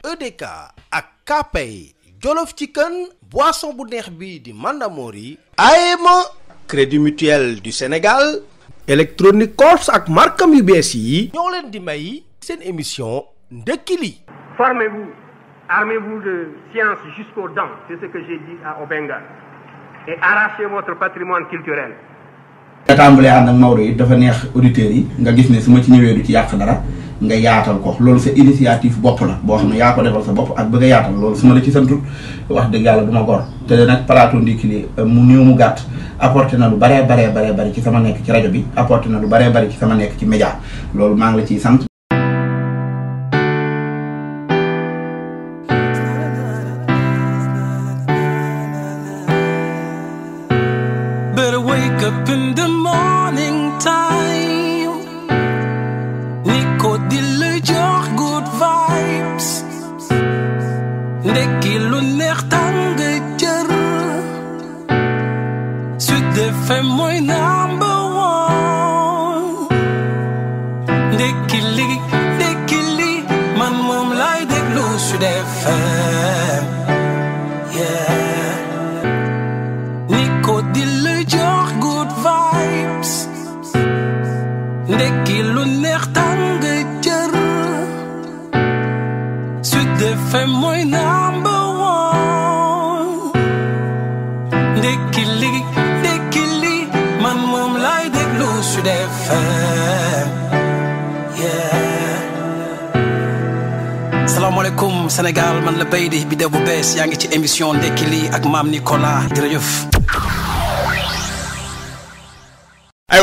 EDK ak KPay Jolof ci kan boisson bu neex bi di Mandamori AMA e Crédit Mutuel du Sénégal Electronic Corps ak markam yu bees yi ñoo leen di may seen émission ndekki li formez-vous armez-vous de science jusqu'aux dents c'est ce que j'ai dit à Obenga et arrachez votre patrimoine culturel nga tàmbalee ànd ak Maodo yi dafa neex auditeurs yi nga gis ne su ma ci ñëwee du ci yàq dara nga yaatal ko loolu sa initiative bopp na boo xam ne yaa ko defal sa bopp ak bëgg a yaatal loolu su ma la ci santul wax dëgg yàlla du ma gor te nag plateau ndikki li euh, mu néew mu gàtt apporté na lu baree baree baree bari ci sama nekk ci rajo bi apporté na lu baree bari ci sama nekk ci média loolu maa ngi la ciy sant mooy number one ndekki li ndekki li man moom lay déglu Sud FM Sénégal man la Beydi bi de bu bees yaa ngi ci émission ndekki li ak maam Nicolas jërëjëf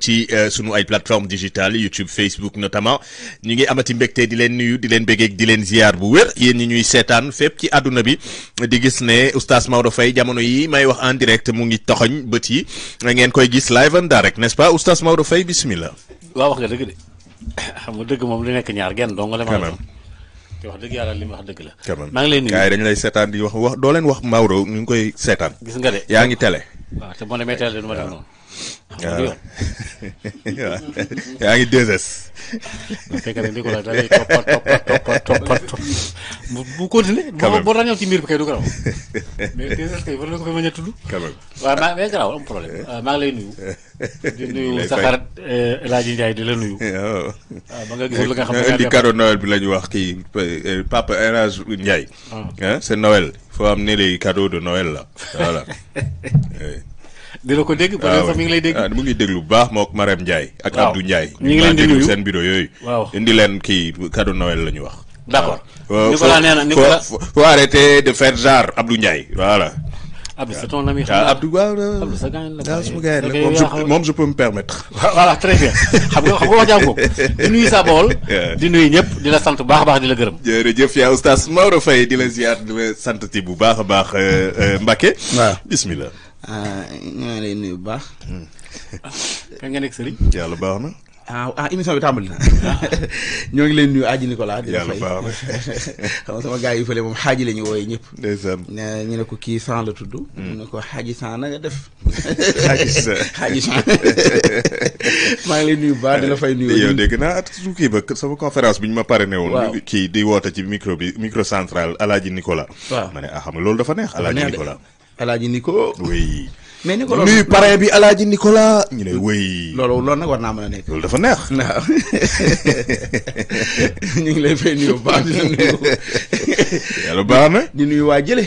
ci euh, sunu ay plateformes digitales YouTube Facebook notamment ñi ngi amati mbekk di leen nuyu di leen bégeeg di leen ziar bu wér yéen ñi ñuy seetaan fépp ci àdduna bi di gis ne oustaz Maodo fay jamono yi may wax en direct mu ngi toxoñ bët yi ngeen koy gis live and direct n'est-ce pas oustaz Maodo Faye bismillah waaw wax nga dëgg xam nga dëgg moom li nekk ñaar genn doo nga la te wax dëgg yàlla li mu wax dëgg la. maa ngi lay dañu lay seetaan di wax wax doo leen wax Maodo ñu ngi koy seetaan. gis nga de yaa ngi télé. waaw te boo demee télé du waaw yaa ngi déses. bu fekkee ne Nicolas da lay toppat toppat toppat bu bu continuer. boo boo ràññoo ci mbir bi kay du garaaw. mais déses kay a tudd. waaw maa mais garaaw ba nga gisul li nga xam ne indi cadeau Noël bi la ñu wax kii papa El Hadj Ndiaye. ah c'est Noël. faut amener les de Noël là voilà. dina ko dégg. mu sax mi ngi lay dégg. Ah, mu ngi déglu bu baax mook Marème Ndiaye. ak Abdou Ndiaye. ñu ngi leen di nuyu seen bureau yooyu. waaw indi leen kii cadeau Noël la ñu wax. d'accord euh, Nicolas nee na Nicolas faut arrêter de faire genre Abdou Ndiaye voilà. Abdou c'est ton ami. Ah, waaw Abdou waaw Abdou sa gars la. waaw sama gars moom je peux me permettre. voilà très bien xam nga xam nga wax jàng di nuyu sa bool. ñëpp di la sant bu baax baax di la gërëm. jëf yaa oustaz Maodo Faye di la ziar di sant ci bu baax a baax euh, euh, Mbacké. waaw bismillah. ah ñu ngi baax. Hmm. kan nga nekk sëriñ. yàlla baax na. ah ah émission bi ñoo ngi leen nuyu Aji Nicolas. yàlla baax na xam nga sama gars yi fële moom xaaji la ñu wooyee ñëpp. ndeysaan ñu ne ko kii San la tudd. Hmm. ñu xaaji San na nga def. xaaji San xaaji maa ngi lay nuyu baax di la fay nuyu. naa at su kii ba sama conférence bi ñu ma pare newoon. waaw kii di woote ci microbi bi micro central El Hadj Nicolas. waaw ma ne ah xam nga loolu dafa neex. El Hadj Nicolas. Alaaji Nico. oui mais Nico loolu nuyu parrain bi Alaaji Nicolas ñu ne wéy. loolu loolu nag war naa mën a nekk. loolu dafa neex. waaw ñu ngi lay fay nuyu bu baax di nuyu. nuyu waa Jële.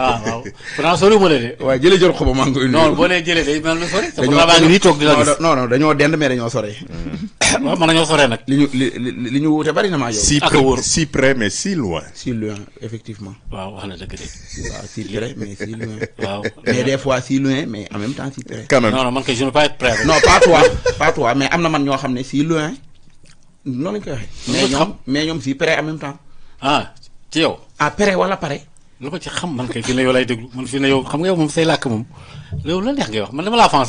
Ah, waaw waaw Franc sori ma la de. waa Jële jël xobu maa ngi koy nuyu. non boo nee Jële day mel na sori. dañoo dañoo toog di la gis. non non dañoo dend mais dañoo sore. Hmm. waaw mën nañoo soree nag. li ñu li li ñu wuute bari na maa yow. si près mais si loin. si loin effectivement. waaw wax na dëgg de. waaw si près mais si loin. mais des fois si loin mais en même temps si près. quand man kay je ne veux pas être mais am na man ñoo xam ne si loin noonu lañ koy mais ñoom mais ñoom si près en même temps. ah ci yow. ah près wala pare. lu ma ci xam man kay fi na yow lay déglu man fi na yow xam nga yow moom say làkk moom loolu la neex ngay wax man dama laa fan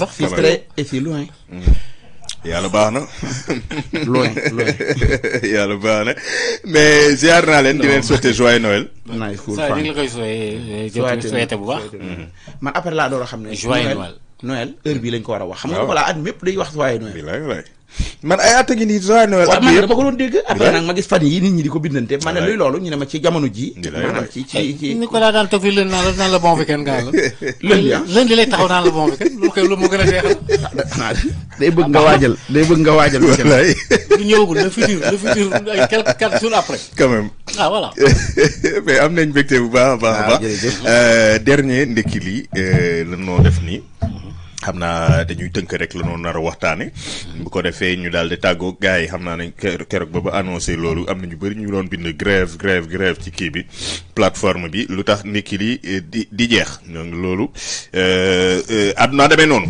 yàlla baax na. loin loin. yàlla baax na mais ziar naa leen di leen souhaiter joyeux Noël. naay cool fan saa ñu ngi la koy euh, souhaiter bu baax. man après laa door a xam ne. joyeux Noël Noël heure bii lañ ko war a wax. xam nga voilà at mépp day wax joyeux Noël. man ay at a ngi nii joyeux Noël. at yëpp dama ko doon dégg après nag ma gis fan yi nit ñi di ko bindante ma ne luy loolu ñu ne ma ci jamono ji ci ci ci ni ko daa daan toog fii naan la bon weekend ngaa la lundi ah. lundi lay taxaw naan la bon weekend lu a neexal ah, day bëgg nga waajal day bëgg nga waajal wallaay du ñëwagul le futur le futur ay quelques quatre jours après quand même ah mais am nañ mbégte bu baax a baax a ah, baax euh, dernier ndekki li euh, lan noo def nii xam naa dañuy tënk rek la noonu nar a waxtaane bu ko defee ñu daal di tàggoo yi xam naa ne keroog ba ba annoncé loolu am na ñu bëri ñu doon bind grève grève grève ci kii bi plateforme bi lu tax ndekki li eh, di di jeex donc loolu euh, euh, naa demee noonu.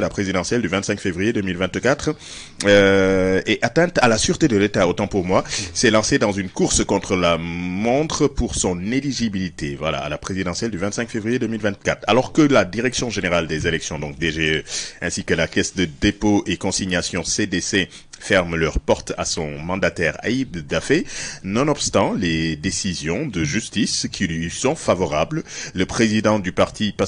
à la présidentielle euh, et atteinte à la sûreté de mmh. contre la montre pour son éligibilité, à la présidentielle du 25 février 2024. Alors que la Direction générale des élections, donc DGE, ainsi que la Caisse de dépôt et consignation CDC ferment leurs portes à de justice qui lui sont favorables. Le président du parti par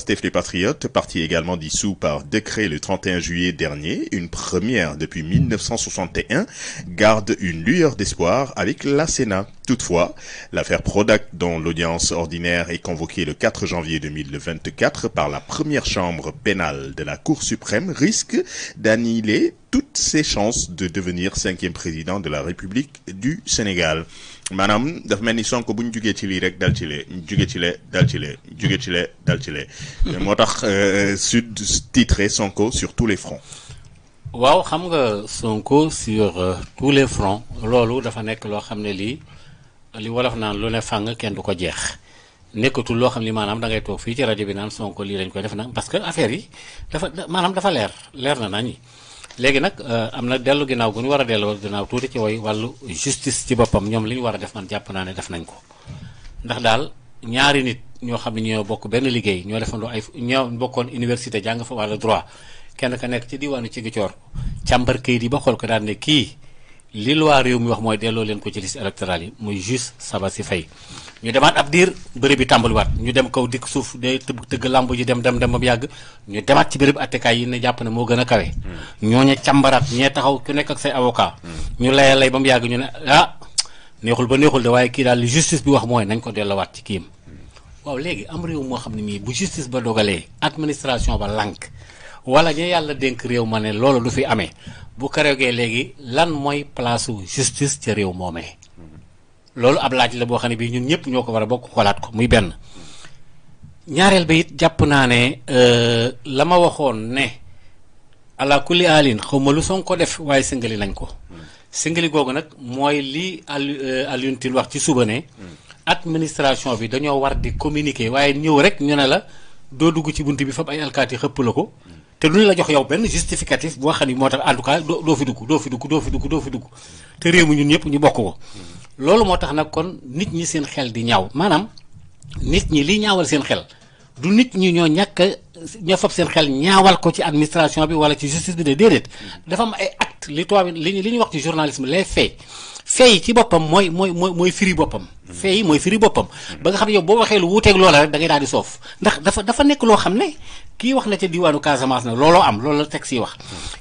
décret le 31 juillet dernier, une première depuis 1961 garde une lueur d'espoir avec la Sénat. Toutefois, l'affaire Prodac, dont l'audience ordinaire est convoquée le 4 janvier 2024 par la première chambre pénale de la Cour suprême, risque d'annihiler toutes ses chances de devenir cinquième président de la République du Sénégal maanaam dafa mel ni Sonko bu ñu jugee ci lii rek dal ci lee jugee ci lee dal ci dal ci lee moo tax euh, Sud titré Sonko sur les fronts waaw xam nga Sonko sur euh, tous les fronts loolu dafa nekk loo xam ne lii li wolof naan lu ne fàng kenn du ko jeex nekkatul loo xam ni maanaam dangay ngay toog fii ci rajo bi naan Sonko lii lañ koy def nañ parce que affaire yi dafa maanaam dafa leer leer na nañi léegi nag euh, am na dellu ginnaaw gu ñu war a dellu ginnaaw tuuti ci woy wàllu justice ci boppam ñoom li ñu war a def man jàpp naa ne def nañ ko ndax daal ñaari nit ñoo xam ne ñoo bokk benn liggéey ñoo defandoo ay ñoo bokkoon université jàng fa wàllu droit kenn ka nekk ci diwaanu ci gicoor càmbar kayit yi ba xool ko daan ne kii li loi réew mi wax mooy delloo leen ko ci liste électorale yi muy juste saba si fay ñu demaat ab diir bërëb yi tàmbaliwaat ñu dem kaw dikk suuf day tëgg tëgg làmb ji dem dem dem ba mu yàgg ñu demaat ci bërëb attekaay yi ne jàpp ne moo gën a kawe hmm. ñooñu càmbaraat ñee taxaw ku nekk ak say avocat hmm. ñu laya lay ba mu yàgg ñu ne ah neexul ba neexul de waaye kii daal li justice bi wax mooy nañ ko delloowaat ci kiim hmm. waaw léegi am réew moo xam ne ba dogalee wala ñu yàlla dénk réew ma ne loolu du fi amee bu keroogee léegi lan mooy palaasu justice ca réew moomee loolu ab laaj la boo xam ne bii ñun ñëpp ñoo ko war a bokk xoolaat ko muy benn ñaareel ba it jàpp naa ne euh, la ma waxoon ne ala kulli alin xaw ma lu Sonko def waaye singali nañ ko singali googu nag mooy li euh, Alioune Tine wax ci suba ne administration bi dañoo war di communiqué waaye ñëw rek ñu ne la doo dugg ci bunt bi fab ay alkaati xëpp la ko te duñu la jox yow benn justificatif boo xam ni moo tax en tout cas doo fi dugg doo fi dugg doo fi dugg doo fi dugg te réew mi ñun ñëpp ñu bokk ko loolu moo tax nag kon nit ñi seen xel di ñaaw maanaam nit ñi li ñaawal seen xel du nit ñi ñoo ñàkk a ñoo fab seen xel ñaawal ko ci administration bi wala ci justice bi de déedéet dafa am ay acte li tubaab li li ñuy wax ci journalisme les faits fee yi ci boppam mooy mooy mooy mooy firi boppam. fee mooy firi boppam. ba nga xam yow boo waxee lu wuuteeg loola da ngay daal di soof ndax dafa nekk loo xam ne kii wax na ca diwaanu Casamance na looloo am loolu teg si wax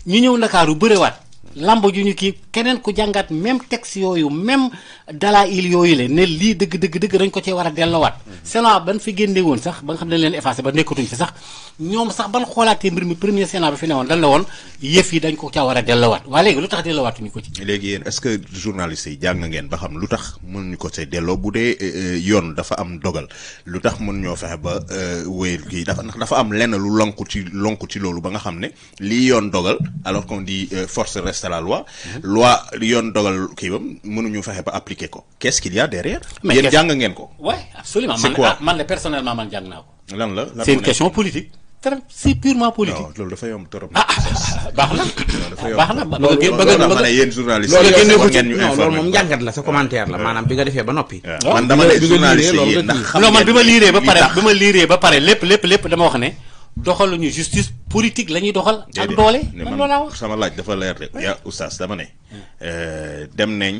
ñu ñëw Ndakaaru bëriwaat làmb ju ñu kii keneen ku jàngaat même texte yooyu même dalaa il yooyu le ne lii dëgg dëgg dëgg dañ ko cee war a dellowaat Sénat ban fi génne ba nga xam ne leen effacé ba nekkatuñ fi sax ñoom sax ban xoolaatee mbir mi premier Sénat bi fi newoon dañ woon yëf yi ko a delloowaat waa léegi lu tax delloowaatuñu ko ci. léegi yéen est-ce que journalistes yi jàng ngeen ba xam lu tax mënuñu ko see delloo bu dee euh, euh, yoon dafa am dogal lu tax mën ñoo fexe ba euh, wéyal kii dafa ndax dafa am lenn lu lonku ci lonku ci loolu ba nga xam ne lii yoon dogal alors qu'on dit force reste texte à la loi. loi yoon dogal kii mun mënuñu fexe ba appliquer ko. qu'est-ce qu'il y a derrière. mais yéen jàng ngeen ko. oui absolument man ah, man de personnellement man jàng naa ko. lan la c'est une question politique. c'est purement politique. non loolu dafa na. Ah, ah, baax na bëgg na ma ne yéen journaliste yi. loolu moom la sa commentaire la maanaam bi nga defee ba noppi. man dama ne journaliste yi ndax xam man bi ma liiree ba pare bi ma liiree ba pare lépp lépp lépp dama wax ne. doxaluñu justice politique la ñuy doxal. ak doole man loolaa wax sama laaj dafa leer rek yaa oustaz dama ne. Euh, dem nañ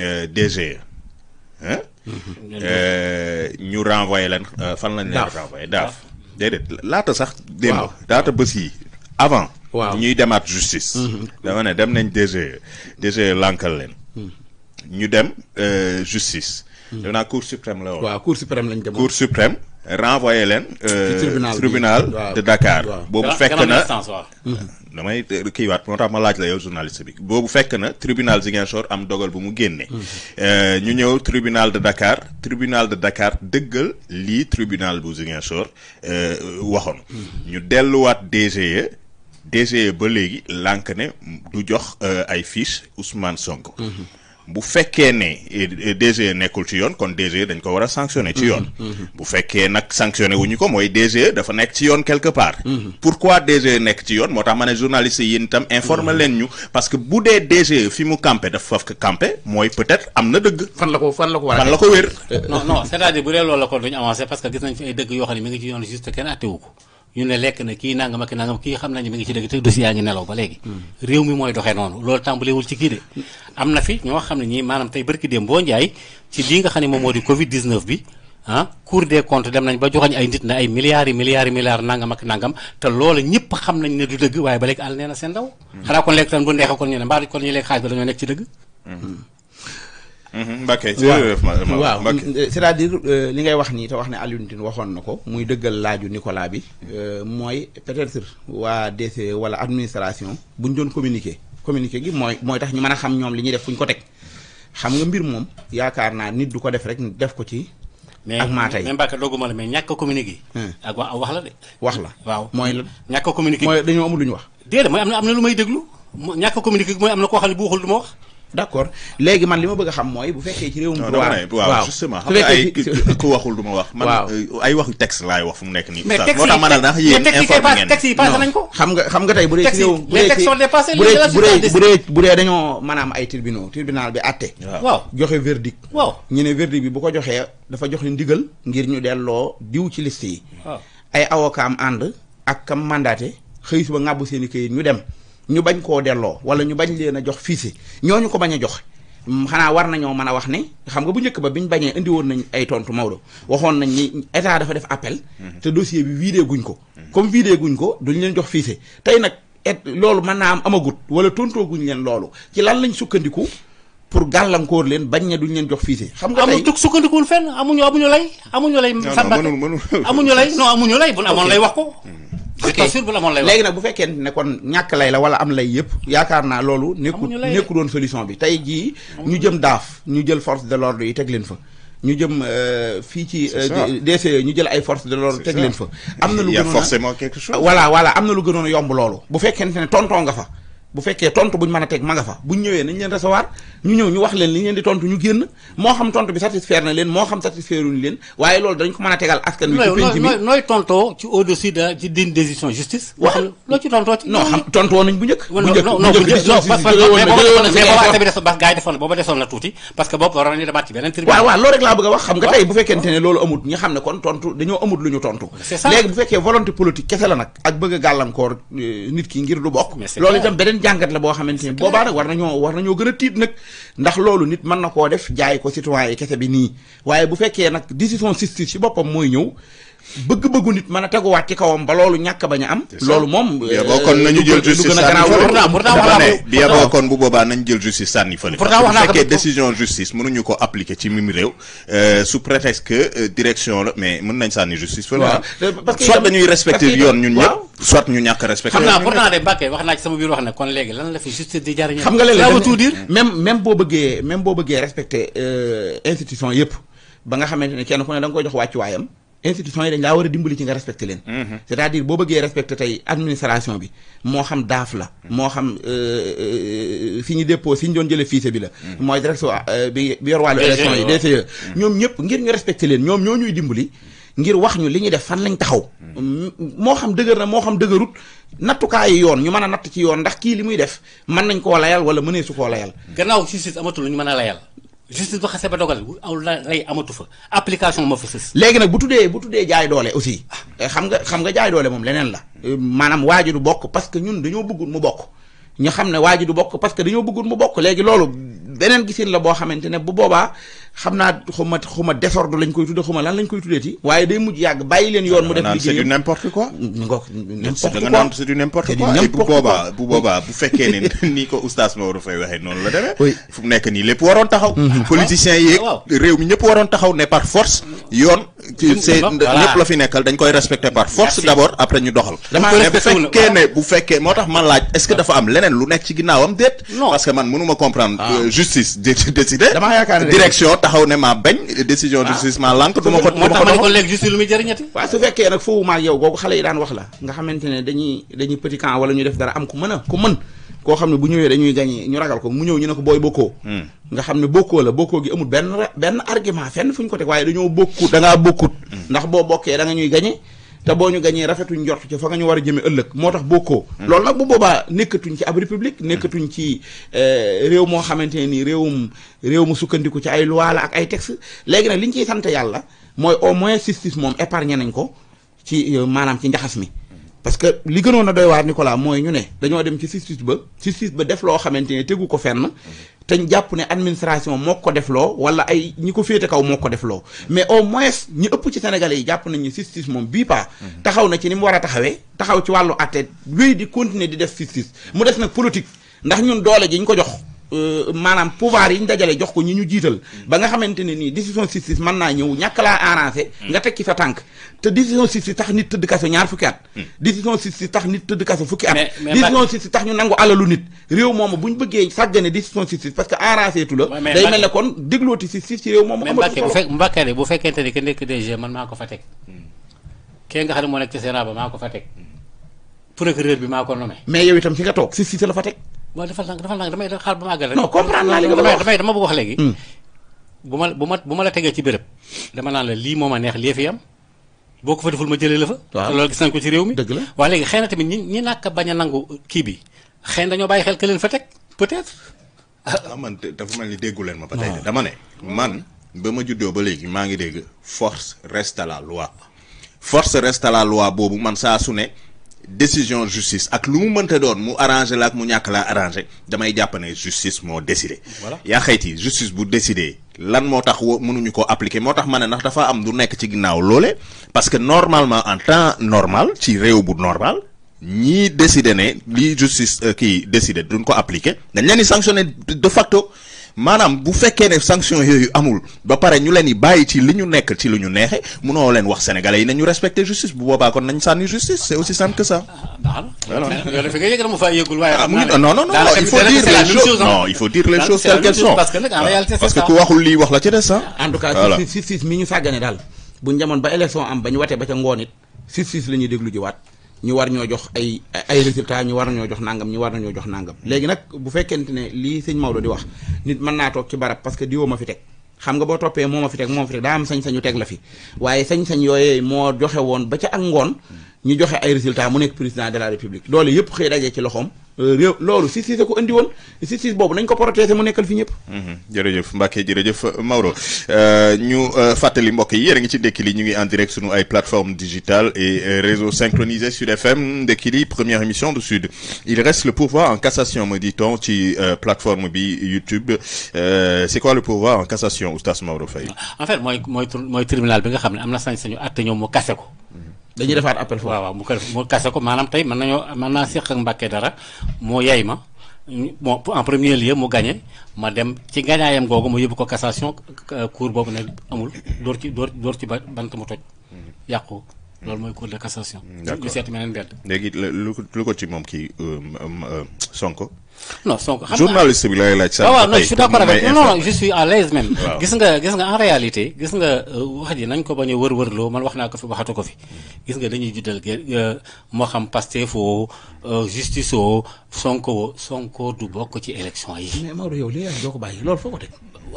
euh, DGE. Mm-hmm. Euh, ñu renvoyé leen fan lañ leen renvoyé daaf déedéet laata sax. démb daata bés yi avant. waaw ñuy demaat justice. Mm-hmm. dama ne dem nañ DGE DGE lànkal leen. Mm-hmm. ñu dem justice. Hmm. def naa cour suprême la woon. waaw cour suprême lañ demoon cour suprême. renvoyé leen. Euh, tribunal tribunal de Dakar. boobu fekk na hmm. damay kiiwaat moo tax ma laaj la yow journaliste bi boobu fekk na tribunal Ziguinchor am dogal bu mu génnee. Hmm. Euh, ñu ñëw tribunal de Dakar tribunal de Dakar dëggal lii tribunal bu Ziguinchor euh, waxoon. ñu delluwaat DGE. DGE ba léegi lànk ne du jox ay fiche Ousmane Sonko. bu fekkee ne eh, eh, DGE nekkul ci yoon kon DGE dañ ko war a sanctionner ci mhm, yoon mhm. bu fekkee nag sanctionner ñu ko mooy DGE dafa nekk ci yoon quelque part mhm. pourquoi DGE nekk ci yoon moo tax ma ne journaliste yi itam informe leen ñu parce que bu dee DGE fi mu campé dafa fa campé mooy peut-être am na dëgg fan la ko fan la ko war fan la wér euh, non non cest à bu dee loolu la kon duñu avancé parce que gis nañ fi ay dëgg yoo xam ne ngi ci yoon juste ko ñu ne lekk na kii nangam ak nangam kii xam nañ mi ngi ci dëgg te dossier yaa ngi nelaw ba léegi réew mi mooy doxee noonu loolu tàmbalewul ci kii de am na fi ñoo xam ne ñi maanaam tey barki démb boo njaay ci lii nga xam ne moom moo di covid 19 bi ah cour des comptes dem nañ ba joxañ ay nit ne ay milliards yi milliards yi te loola ñëpp xam nañ ne du dëgg waaye ba léegi àll nee na seen ndaw xanaa kon léegi tam bu neexee kon ñu ne mbaa kon ñu lekk Mm-hmm. Mbacké waaw mm, euh, c'est-à-dire euh, li ngay wax nii te wax ne Alioune Tine waxoon na ko muy dëggal laaju Nicolas bi euh, mooy peut-être waa DC wala administration buñ doon communiquer communiquer gi mooy mooy tax ñu man a xam ñoom li ñuy def fu ñu ko teg xam nga mbir moom yaakaar naa nit du ko def rek def ko ci ak maa tey mais Mbacké dogguma la mais ñàkk a communiquer ak waa wax la de la waaw mooy la a communiquer mooy dañoo lu ñu wax déedéet mooy am na am a communiquer xam ne bu waxul du wax d'accord léegi man li ma bëgg xam mooy bu fekkee ci réewum droit waaw justement xam nga ay ku waxul du ma wax man euh, ay waxu wax fu mu nekk nii mais texte yi passé nañ ko xam nga xam nga tey bu dee ci réewum bu dee bu dee bu dee dañoo maanaam ay tribunaux tribunal bi àtte waaw joxe verdict waaw ñu ne verdict bi bu ko joxee dafa jox ndigal ngir ñu delloo diw ci liste yi ay avocat am ànd ak kam mandaté xëy suba ngàbbu seen i këyit ñu dem ñu bañ koo delloo wala ñu bañ leen a jox fiise ñooñu ko bañ a jox xanaa war nañoo mën a wax ni xam nga bu njëkk ba biñ bañee indi woon nañ ay tontu Maodo waxoon nañ ni état dafa def appel. Mm-hmm. te dossier bi vidé guñ ko. Mm-hmm. comme vidé guñ ko duñ leen jox fiise tey nag loolu mën naa am amagut wala tontoo guñ loolu ci lan lañ sukkandiku. pour gàllankoor leen bañ ne duñ leen jox fiise xam nga tey amul sukkandikuwul fenn amuñu amuñu lay amuñu lay. sàmba amuñu lay non amuñu lay bu amoon lay wax ko. Mm-hmm. léegi nag bu fekkee ne kon ñàkk lay la wala am lay yëpp yaakaar naa loolu nekku nekku doon solution bi tey jii ñu jëm daaf ñu jël force de l'ordre yi teg leen fa ñu jëm euh, fii ci DCE euh, e, ñu jël ay force de l'ordre teg leen fa am na lu gënoon forcément quelque chose voilà voilà am na lu gënoon yomb loolu bu fekkee ne tonton nga fa bu fekkee tontu buñ mën a teg ma nga fa buñ ñëwee nañ leen recevoir ñu ñëw ñu wax leen li ñu tontu ñu génn moo xam tontu bi satisfaire na leen moo xam satisfaire uñu leen waaye loolu a tegal askan wi. ci penc mi nooy tontoo ci au loo ci laa bëgg a wax xam nga tey bu fekkente ne loolu amut ñi xam ne kon tontu dañoo amut lu ñu tontu. léegi bu fekkee volonté politique kese la nag ak bëgg gàllankoor euh, nit ki ngir du bokk loolu itam beneen jàngat la boo xamante ni boobaa nag war nañoo war nañoo gën a tiit nag ndax loolu nit mën na koo def jaay ko citoyen yi kese bi nii waaye bu fekkee nag décision justice ci boppam mooy ñëw bëgg-bëggu nit mën a teguwaat ci kawam ba loolu ñàkk bañ a am. loolu moom. Euh, boo kon nañu jël justice sànni fële pourtant wax naa ko kon bu boobaa nañu jël justice sànni fa pourtant wax naa ko bu ko appliquer ci mimi réew. Euh, sous prétexte euh, la mais mën nañ sànni justice fële. Ah. parce que soit dañuy respecter yoon ñun ñëpp. soit ñu ñàkk respecté. xam naa pourtant de Mbacke wax naa ci sama ne kon léegi lan la fi justice di jariñ. xam nga léeg-léeg tout dire mm. même même boo bëggee même boo bëggee respecté institution yëpp ba nga xamante ne kenn ku ne da nga koy wàcc waayam institution yi dañ laa war a dimbali ci nga respecté leen mhm. c'est-à-dire boo bëggee respecté tey administration bi moo xam daaf la mhm. moo xam euh, euh, fi ñu dépôt si ñu doon jële fiise bi la mhm. mooy direction euh, bi yor wàllu élection yi DCE e ñoom ñëpp ngir ñu respecté leen ñoom ñoo ñuy dimbali ngir wax ñu li ñuy def fan lañ taxaw moo xam dëgër na moo xam dëgërut nattukaayu yoon ñu mën a natt ci yoon ndax kii li muy def mën nañ koo layal wala mënee su koo layal gannaaw justice amatul ñu mën a layal justice ba xasee ba dogal aw lay amatu fa application ma fa sës. léegi nag bu tuddee bu dee jaay doole aussi eh, xam nga xam nga jaay doole moom leneen la eh, maanaam waa du bokk parce que ñun dañoo bëggul mu bokk ñu xam ne waa du bokk parce que dañoo bëggul mu bokk léegi loolu beneen gisin la boo xamante ne bu boobaa xam naa xuma xuma désordre lañ koy tuddee xuma lan lañ koy tuddeeti waaye day mujj yàgg bàyyi leen yoon mu def ah, liggéey c'est du n'importe bu boobaa bu fekkee ne ni ko oustaz Maodo Faye waxee noonu la demee nekk nii lépp waroon taxaw mm-hmm. ah, politiciens yeeg réew mi ñëpp waroon taxaw ne par force yoon mm-hmm. c'est lépp mm-hmm. la fi nekkal dañ koy respecter par force d'abord après ñu doxal mais bu fekkee ne bu fekkee moo tax ma laaj est ah. dafa am leneen lu nekk ci ginnaawam déet parce que man mënuma taxaw ne maa bañ. décision de ah. justice maa lànk du ma ko. moo tax ma ne ko léegi justice lu muy jëriñati. waaw su fekkee nag foofu maag yow googu xale yi daan wax la nga xamante ne dañuy dañuy petit camp wala ñu def dara am ku mën a ku mën koo xam ne bu ñëwee dañuy gañee ñu ragal ko mu ñëw ñu ne ko booy bokkoo hmm. nga xam ne bokkoo la bokkoo gi amul benn benn argument fenn fu ñu ko teg waaye dañoo bokkut da ngaa bokkut hmm. ndax boo bokkee da nga ñuy gañee te boo ñu gañee rafetuñ njort ci fa nga ñu war a jëme ëllëg moo tax bokkoo hmm. loolu nag bu boobaa nekkatuñ ci ab république nekkatuñ ci euh, réew moo xamante ne nii réewum réew mu sukkandiku ci ay loi ak ay texte léegi nag li ñu ciy sant yàlla mooy au moins justice moom épargné nañ ko ci euh, maanaam ci njaxas mi parce que li gënoon a doy waar Nicolas mooy ñu ne dañoo dem ci justice ba justice ba def loo xamante ne tegu ko fenn te jàpp ne administration moo ko def loo wala ay ñi ko féete kaw moo ko def loo mais au moins ñu ëpp ci sénégalais yi jàpp nañ ni justice moom bii pas mhm. taxaw na ci ni mu war a taxawee taxaw ci wàllu àtte wéy di continuer di def justice mu des nag politique ndax ñun doole ji ñu ko jox Euh, maanaam pouvoir yi ñu dajale jox ko ñi ñu jiital mm. ba nga xamante ne nii décision justice mën naa ñëw ñàkk laa arrangé mm. nga tekki sa tànk te décision justice tax nit tëdd kaso ñaar fukki at mm. décision justice tax nit tëdd kaso fukki at tax ñu nangu alalu nit réew moomu bu ñu bëggee sàggane décision justice parce que arrangé tu la day mel ne kon déglooti justice ci réew moomu amatu Mbakare bu fekkente ni ke nekk DG man maa ko fa teg kee nga xam ne moo nekk ci Sénat ba maa ko fa la fa teg waaw defal lànk dafa lànk damay xaar ba ma àggal rek. non comprendre naa li nga bëgg damay dama bëgg wax léegi. Hmm. bu ma bu ma bu ma la tegee ci béréb dama naan la lii moo ma neex lii fi am boo ko fa deful ma jëlee la fa. waaw loolu gis nañ ko ci réew mi. dëgg la waaw léegi xëy na tamit ñi ñi nàkk bañ a nangu kii bi xëy na dañoo bàyyi xel ka leen fa teg peut-être. Ah, man dafa mel ni déggu leen ma. ba tey dama ne man. ba ma juddoo ba léegi maa ngi dégg force reste loi force reste à loi boobu man saa su ne décision justice ak lu mu mënta doon mu arrangé la ak mu ñàkk la arrangé damay jàpp ne justice moo décidé. voilà yaa xayti justice bu décidé lan moo tax mënuñu ko appliquer moo tax ma ne ndax dafa am du nekk ci ginnaaw loole parce que normalement en temps normal ci réew bu normal ñii décidé ne lii justice euh, kii décidé duñ ko appliquer dañ leen di sanctionné de facto. maanaam bu fekkee ne sanction yooyu amul ba pare ñu leen di bàyyi ci li ñu nekk ci lu ñu neexee munoo leen wax sénégalais yi nañu respecté justice bu boobaa kon nañ sànni justice c'est aussi simple que ça. non non non il faut dire les parce que ku waxul lii wax la ci des ah. en tout cas justice mi ñu sàggane daal bu ñu ba élection am ba ñu watee ba ca ngoon it justice la ñuy déglu jiwaat ñu war ñoo jox ay ay résultats ñu war ñoo jox nangam ñu war ñoo jox nangam léegi nag bu fekkente ne lii sëñ la di wax nit mën naa toog ci barab parce que diwoo ma fi teg xam nga boo toppee moo ma fi teg moo ma fi teg daa am sañ-sañu teg la fi waaye sañ-sañ yooyee moo joxe woon ba ca ak ngoon ñu joxe ay résultats mu nekk président de la république doole yëpp xëy dajee ci loxoom euh, réew loolu si si ko indi woon si si boobu nañ ko protéger mu nekkal fi ñëpp. Mm-hmm. jërëjëf Mbacke jërëjëf euh, Maodo euh, ñu fàttali mbokk yi yéen a ngi ci Ndekili ñu ngi en direct sunu ay plateformes digital et réseaux synchronisés Sud FM Ndekili première émission du Sud il reste le pouvoir en cassation me dit-on ci plateforme bi YouTube c'est quoi le pouvoir en cassation oustaz Maodo Faye. en fait mooy bi nga xam ne am na sañ-sañu àtte ñoom mu kase ko. dañuy defaat appel foofu. waaw waaw mu kase mu kase ko maanaam tey man nañoo mën naa seq ak Mbàkke dara moo yay ma bon en premier lieu mu gagné ma dem ci gañaayam googu ma yóbbu ko cassation euh, cour boobu nag amul door ci door door ci bant mu toj mm-hmm. yàqu. loolu mooy cour de cassation. Mm, d'accord ñu seeti meneen bedd. léegi lu lu ko ci moom kii euh, euh, euh, Sonko. non Sonko xam nga journaliste bi lay laaj. sax waaw non je suis d'accord avec gis nga gis nga en réalité gis nga wax ji nañ ko bañ a wër loo man wax naa ko fi waxatu ko fi. gis nga dañuy juddal ge moo xam Pastef oo justice oo Sonko oo Sonko du bokk ci élection yi. mais Maodo yow li loolu foo ko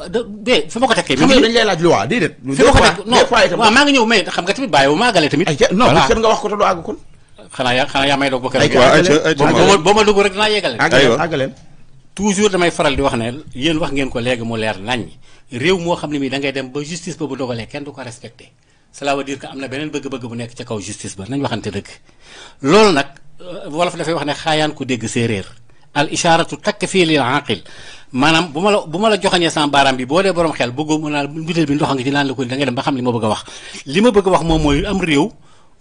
de fi ma ko tekkee. xam nga dañ lay laaj loi déedéet. fi ma ko teg non maa ngi ñëw mais xam nga tamit bàyyi wu ma àggale tamit. non bu kenn nga wax ko te doo àgg kon. xanaa yaa may doog boo ma dugg rek toujours damay faral di wax ne yéen wax ngeen ko léegi mu leer nañ réew moo xam ne mii da ngay dem ba justice ba bu dogalee kenn du ko respecté cela veut dire que am na beneen bëgg-bëgg bu nekk ca kaw justice ba nañ waxante dëgg loolu nag euh, wolof dafay wax ne xaayaan ko dégg séeréer al ishaaratu takk fii lil aqil maanaam bu ma la bu ma la joxañee sama bi boo dee borom xel bëggoo mu naan butéel bi ndox a ngi ci naan la ko da dem ba xam li ma bëgg a wax li ma bëgg a wax moom mooy am réew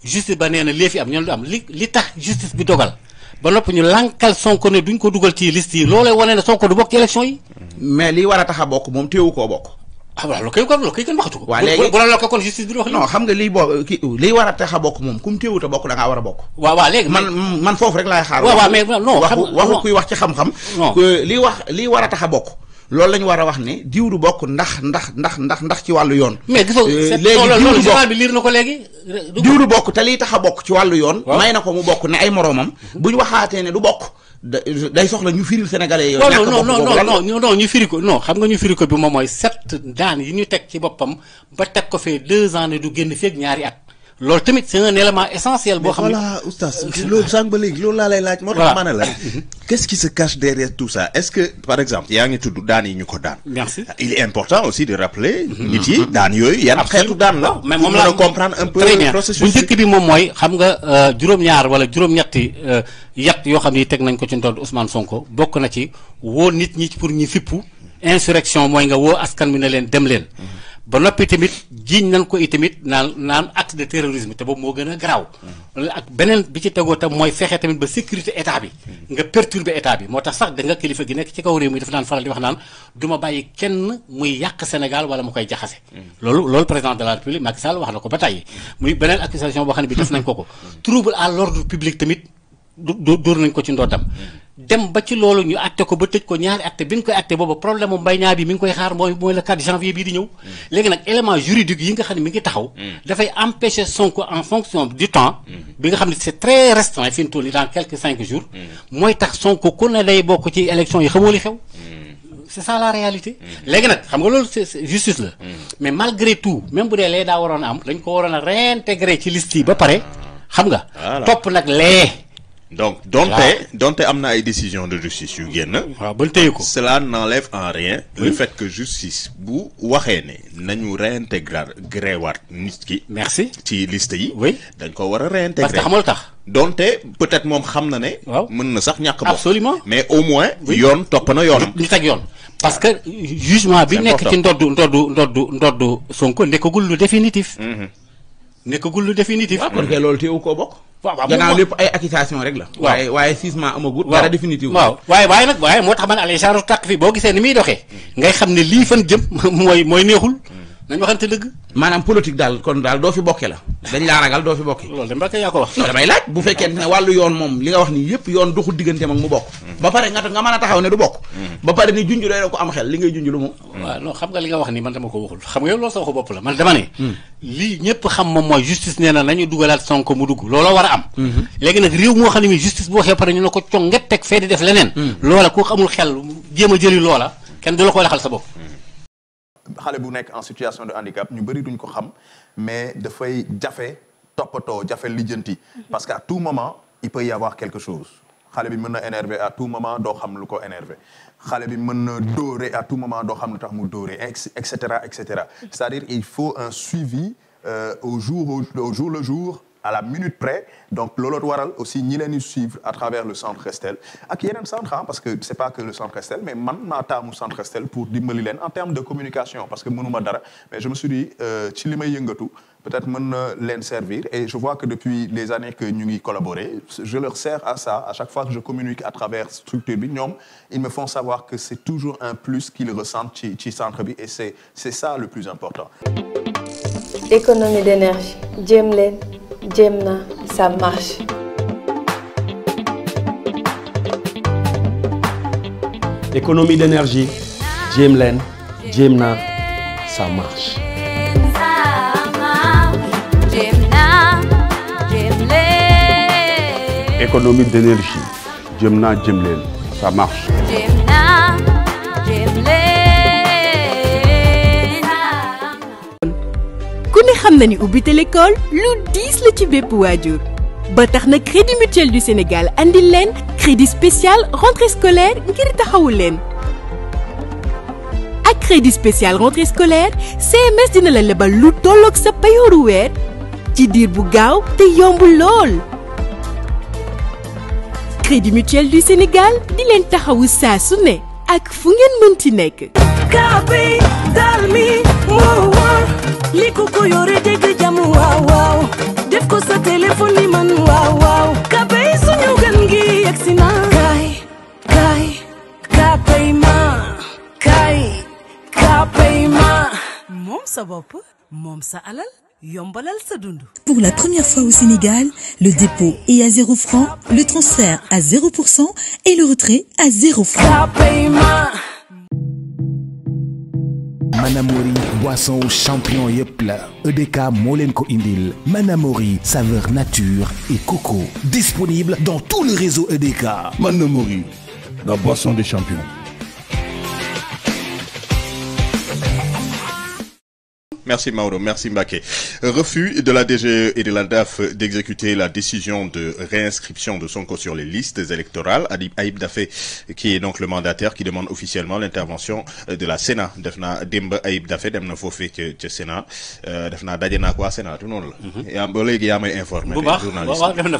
justice ba nee na lee fi am ñoom du am li li tax justice bi dogal ba nopp ñu lànkal Sonko ne duñ ko dugal ci liste yi loolee wane ne Sonko du bokk ci élection yi mais li war a tax a bokk moom téewu koo bokk ah voilà loolu kay kon loolu kay kon waxatu ko. waaw léegi wax. non xam nga liy boo ki liy bokk moom ku mu téewut a a bokk. waaw waaw léegi man man foofu rek laay xaar. waaw waaw mais non xam waxu wax ci xam-xam. li wax liy war a tax a bokk. loolu la war a wax ne diw du bokk ndax ndax ndax ndax ndax ci wàllu yoon. mais gis euh, loolu journal bi liir na ko léegi. diw du bokk te liy tax a bokk ci wàllu yoon. may na ko mu bokk ne ay moroomam. Mhm. bu ñu waxaatee ne du bokk day soxla ñu firil sénégalais yooyu. ñàkk non non non non ñu firi ko non xam nga ñu firi ko bi moom mooy sept daan yi ñu teg ci boppam ba teg ko fee deux ans ne du génn feeg ñaari at. loolu tamit c'est un élément essentiel boo xam ne voilà oustaz loolu sànq ba léegi loolu laa lay laaj moo tax ma ne la qu'est-ce qui se cache derrière tout ça est-ce que par exemple yaa ngi tudd daan yi ñu ko daan merci il est important aussi de rappeler mhm. nit yi daan yooyu yan xeetu daan la mais moom la comprendre un peu processus bu njëkk bi moom mooy xam nga euh, juróom-ñaar wala juróom-ñetti euh, yat yoo xam ne teg nañ ko ci ndodd Ousmane Sonko bokk na ci woo nit ñi pour ñu fippu insurrection mooy nga woo askan wi ne leen dem leen mhm. ba noppi tamit jiiñ nañ ko itamit naan naan acte de terrorisme te boobu moo gën a garaaw. ak beneen bi ci tegoo tam mooy fexe tamit ba sécurité état bi. nga perturber état bi moo tax sax da nga kilifa gi nekk ci kaw réew mi dafa naan faral di wax naan du ma bàyyi kenn muy yàq Sénégal wala mu koy jaxase. loolu loolu président de la république Macky Sall wax na ko ba tey muy beneen accusation boo xam ne bi def nañ ko ko. trouble à l'ordre public dóor nañ ko ci ndoddam dem ba ci loolu ñu àtte ko ba tëj ko ñaari àtte bi ñu koy àtte booba problème mu mbay ñaa bi mi ngi koy xaar mooy mooy le 4 janvier bii di ñëw mm. léegi nag élément juridique yi nga xam ne mi ngi taxaw mm. dafay empêcher Sonko en fonction du temps mm-hmm. bi nga xam ne c'est très restreint fi mu toll nii dans quelques cinq jours mm. mooy tax Sonko ku ne day bokk ci élection yi xamoo li xew c'est ça la réalité mm-hmm. léegi nag xam nga loolu c'est justice la mais malgré tout même bu dee lee daa waroon a am dañ ko waroon a réintégrer ci liste yi ba pare ah. xam nga topp nag lee donc donte donte am na ay décision de justice yu génn. waaw ba téye ko cela n'enlève en rien. le fait que justice bu waxee ne nañu réintégrer gréwaat nit ki. merci ci liste yi. oui dañ ko war a réintégrer parce que xamul tax. donte peut-être moom xam na ne. waaw mën na sax ñàkk a bokk. mais au moins. yoon topp na yoon. li teg yoon parce que jugement bi nekk ci ndoddu ndoddu ndoddu ndoddu Sonko nekkagul lu définitif. Mhm. nekkagul lu définitif. waaw ah, kon kay loolu teewu koo bokk. waaw gannaaw lépp ay accusation rek la. waaye waaye six mois amagut. waaw dara définitif. waaye waaye nag waaye moo tax man Allé genre tàq fi boo gisee ni muy doxee. ngay xam ne lii fan jëm mooy mooy neexul. nañ waxante dëgg. maanaam politique daal kon daal doo fi bokke la dañ laa ragal doo fi bokke. loolu de Mbacke yaa ko wax. non damay laaj bu fekkee ne wàllu yoon moom li nga wax nii yëpp yoon duxul digganteem ak mu bokk. Mm. ba pare nga nga mën a taxaw ne du bokk. Mm. ba pare ni junj doy ko am xel li ngay junj lu mu. Mm. waaw non xam nga li nga wax nii man dama ko waxul xam nga yow loolu sa waxu bopp la man dama ne. lii ñëpp xam moom mooy justice nee na nañu dugalaat Sonko mu dugg looloo war a am. Mm-hmm. léegi nag réew moo xam ne mi justice bu waxee pare ñu ne ko conget teg fee di def leneen. loola ku amul xel jéem a jëli loola kenn du la ko laxal sa bopp xale bu nekk en situation de handicap ñu bëri duñ ko xam mais dafay jafe toppatoo jafe lijjanti mhm. parce que à tout moment il peut y avoir quelque chose xale bi mën na énervé à tout moment doo xam lu ko énervé xale bi mën na dóore a tout moment doo xam lu tax mu dóore et cetera et cetera mhm. c'est-à-dire il faut un suivi euh, au jour au, au jour le jour à la minute près donc looloo waral aussi ñi leen di suivre à travers le centre Restel ak yeneen centre ah parce que c'est pas que le centre Restel mais man maa taamu centre Restel pour dimbali en termes de communication parce que mënuma dara mais je me suis dit euh, ci li may peut-être mën na leen servir et je leur sers à chaque fois que je communique à travers structure bi ils me font savoir que c'est toujours un plus qu'ils ressentent jéem na ça marche. économie d'énergie jéem leen jéem na ça marche. économie d'énergie jéem naa jéem leen ça marche. nañu ubbite l'école lu diis la ci bépp waajur ba tax na crédit mutuel du Sénégal andil leen crédit spécial rentrée scolaire ngir taxawu leen. ak crédit spécial rentrée scolaire CMS dina la lebal lu tolloog sa payooru weer ci diir bu gaaw te yomb lool. crédit mutuel du Sénégal di leen taxawu saa su ne ak fu ngeen mënti nekk. li ko ko yore dégg jàmm waaw waaw def ko sa téléphone ni man waaw waaw kabay suñu gan gi yegsi na kaay kaay kaapay ma kaay kaapay ma moom sa bopp moom sa alal Pour la première fois au Sénégal, le dépôt est à 0 francs, le transfert à 0% et le retrait à 0 francs. Manamori boisson champion yëpp la EDK moo leen ko indil Manamori saveur nature et coco disponible dans tout le réseau EDK Manamori la boisson des champions Merci Maodo, merci Mbaké. Refus de la DGE et de la DAF d'exécuter la décision de réinscription de Sonko sur les listes électorales. Aïb Dafé, qui est donc le mandataire, qui demande officiellement l'intervention euh, de la Sénat. def naa démb Aïb Dafé dem na foofee ca ca Sénat euh, def naa daje na ko waa Sénat noonu la. yaa mhm. ba léegi yaa may informé. bu baax waaw dem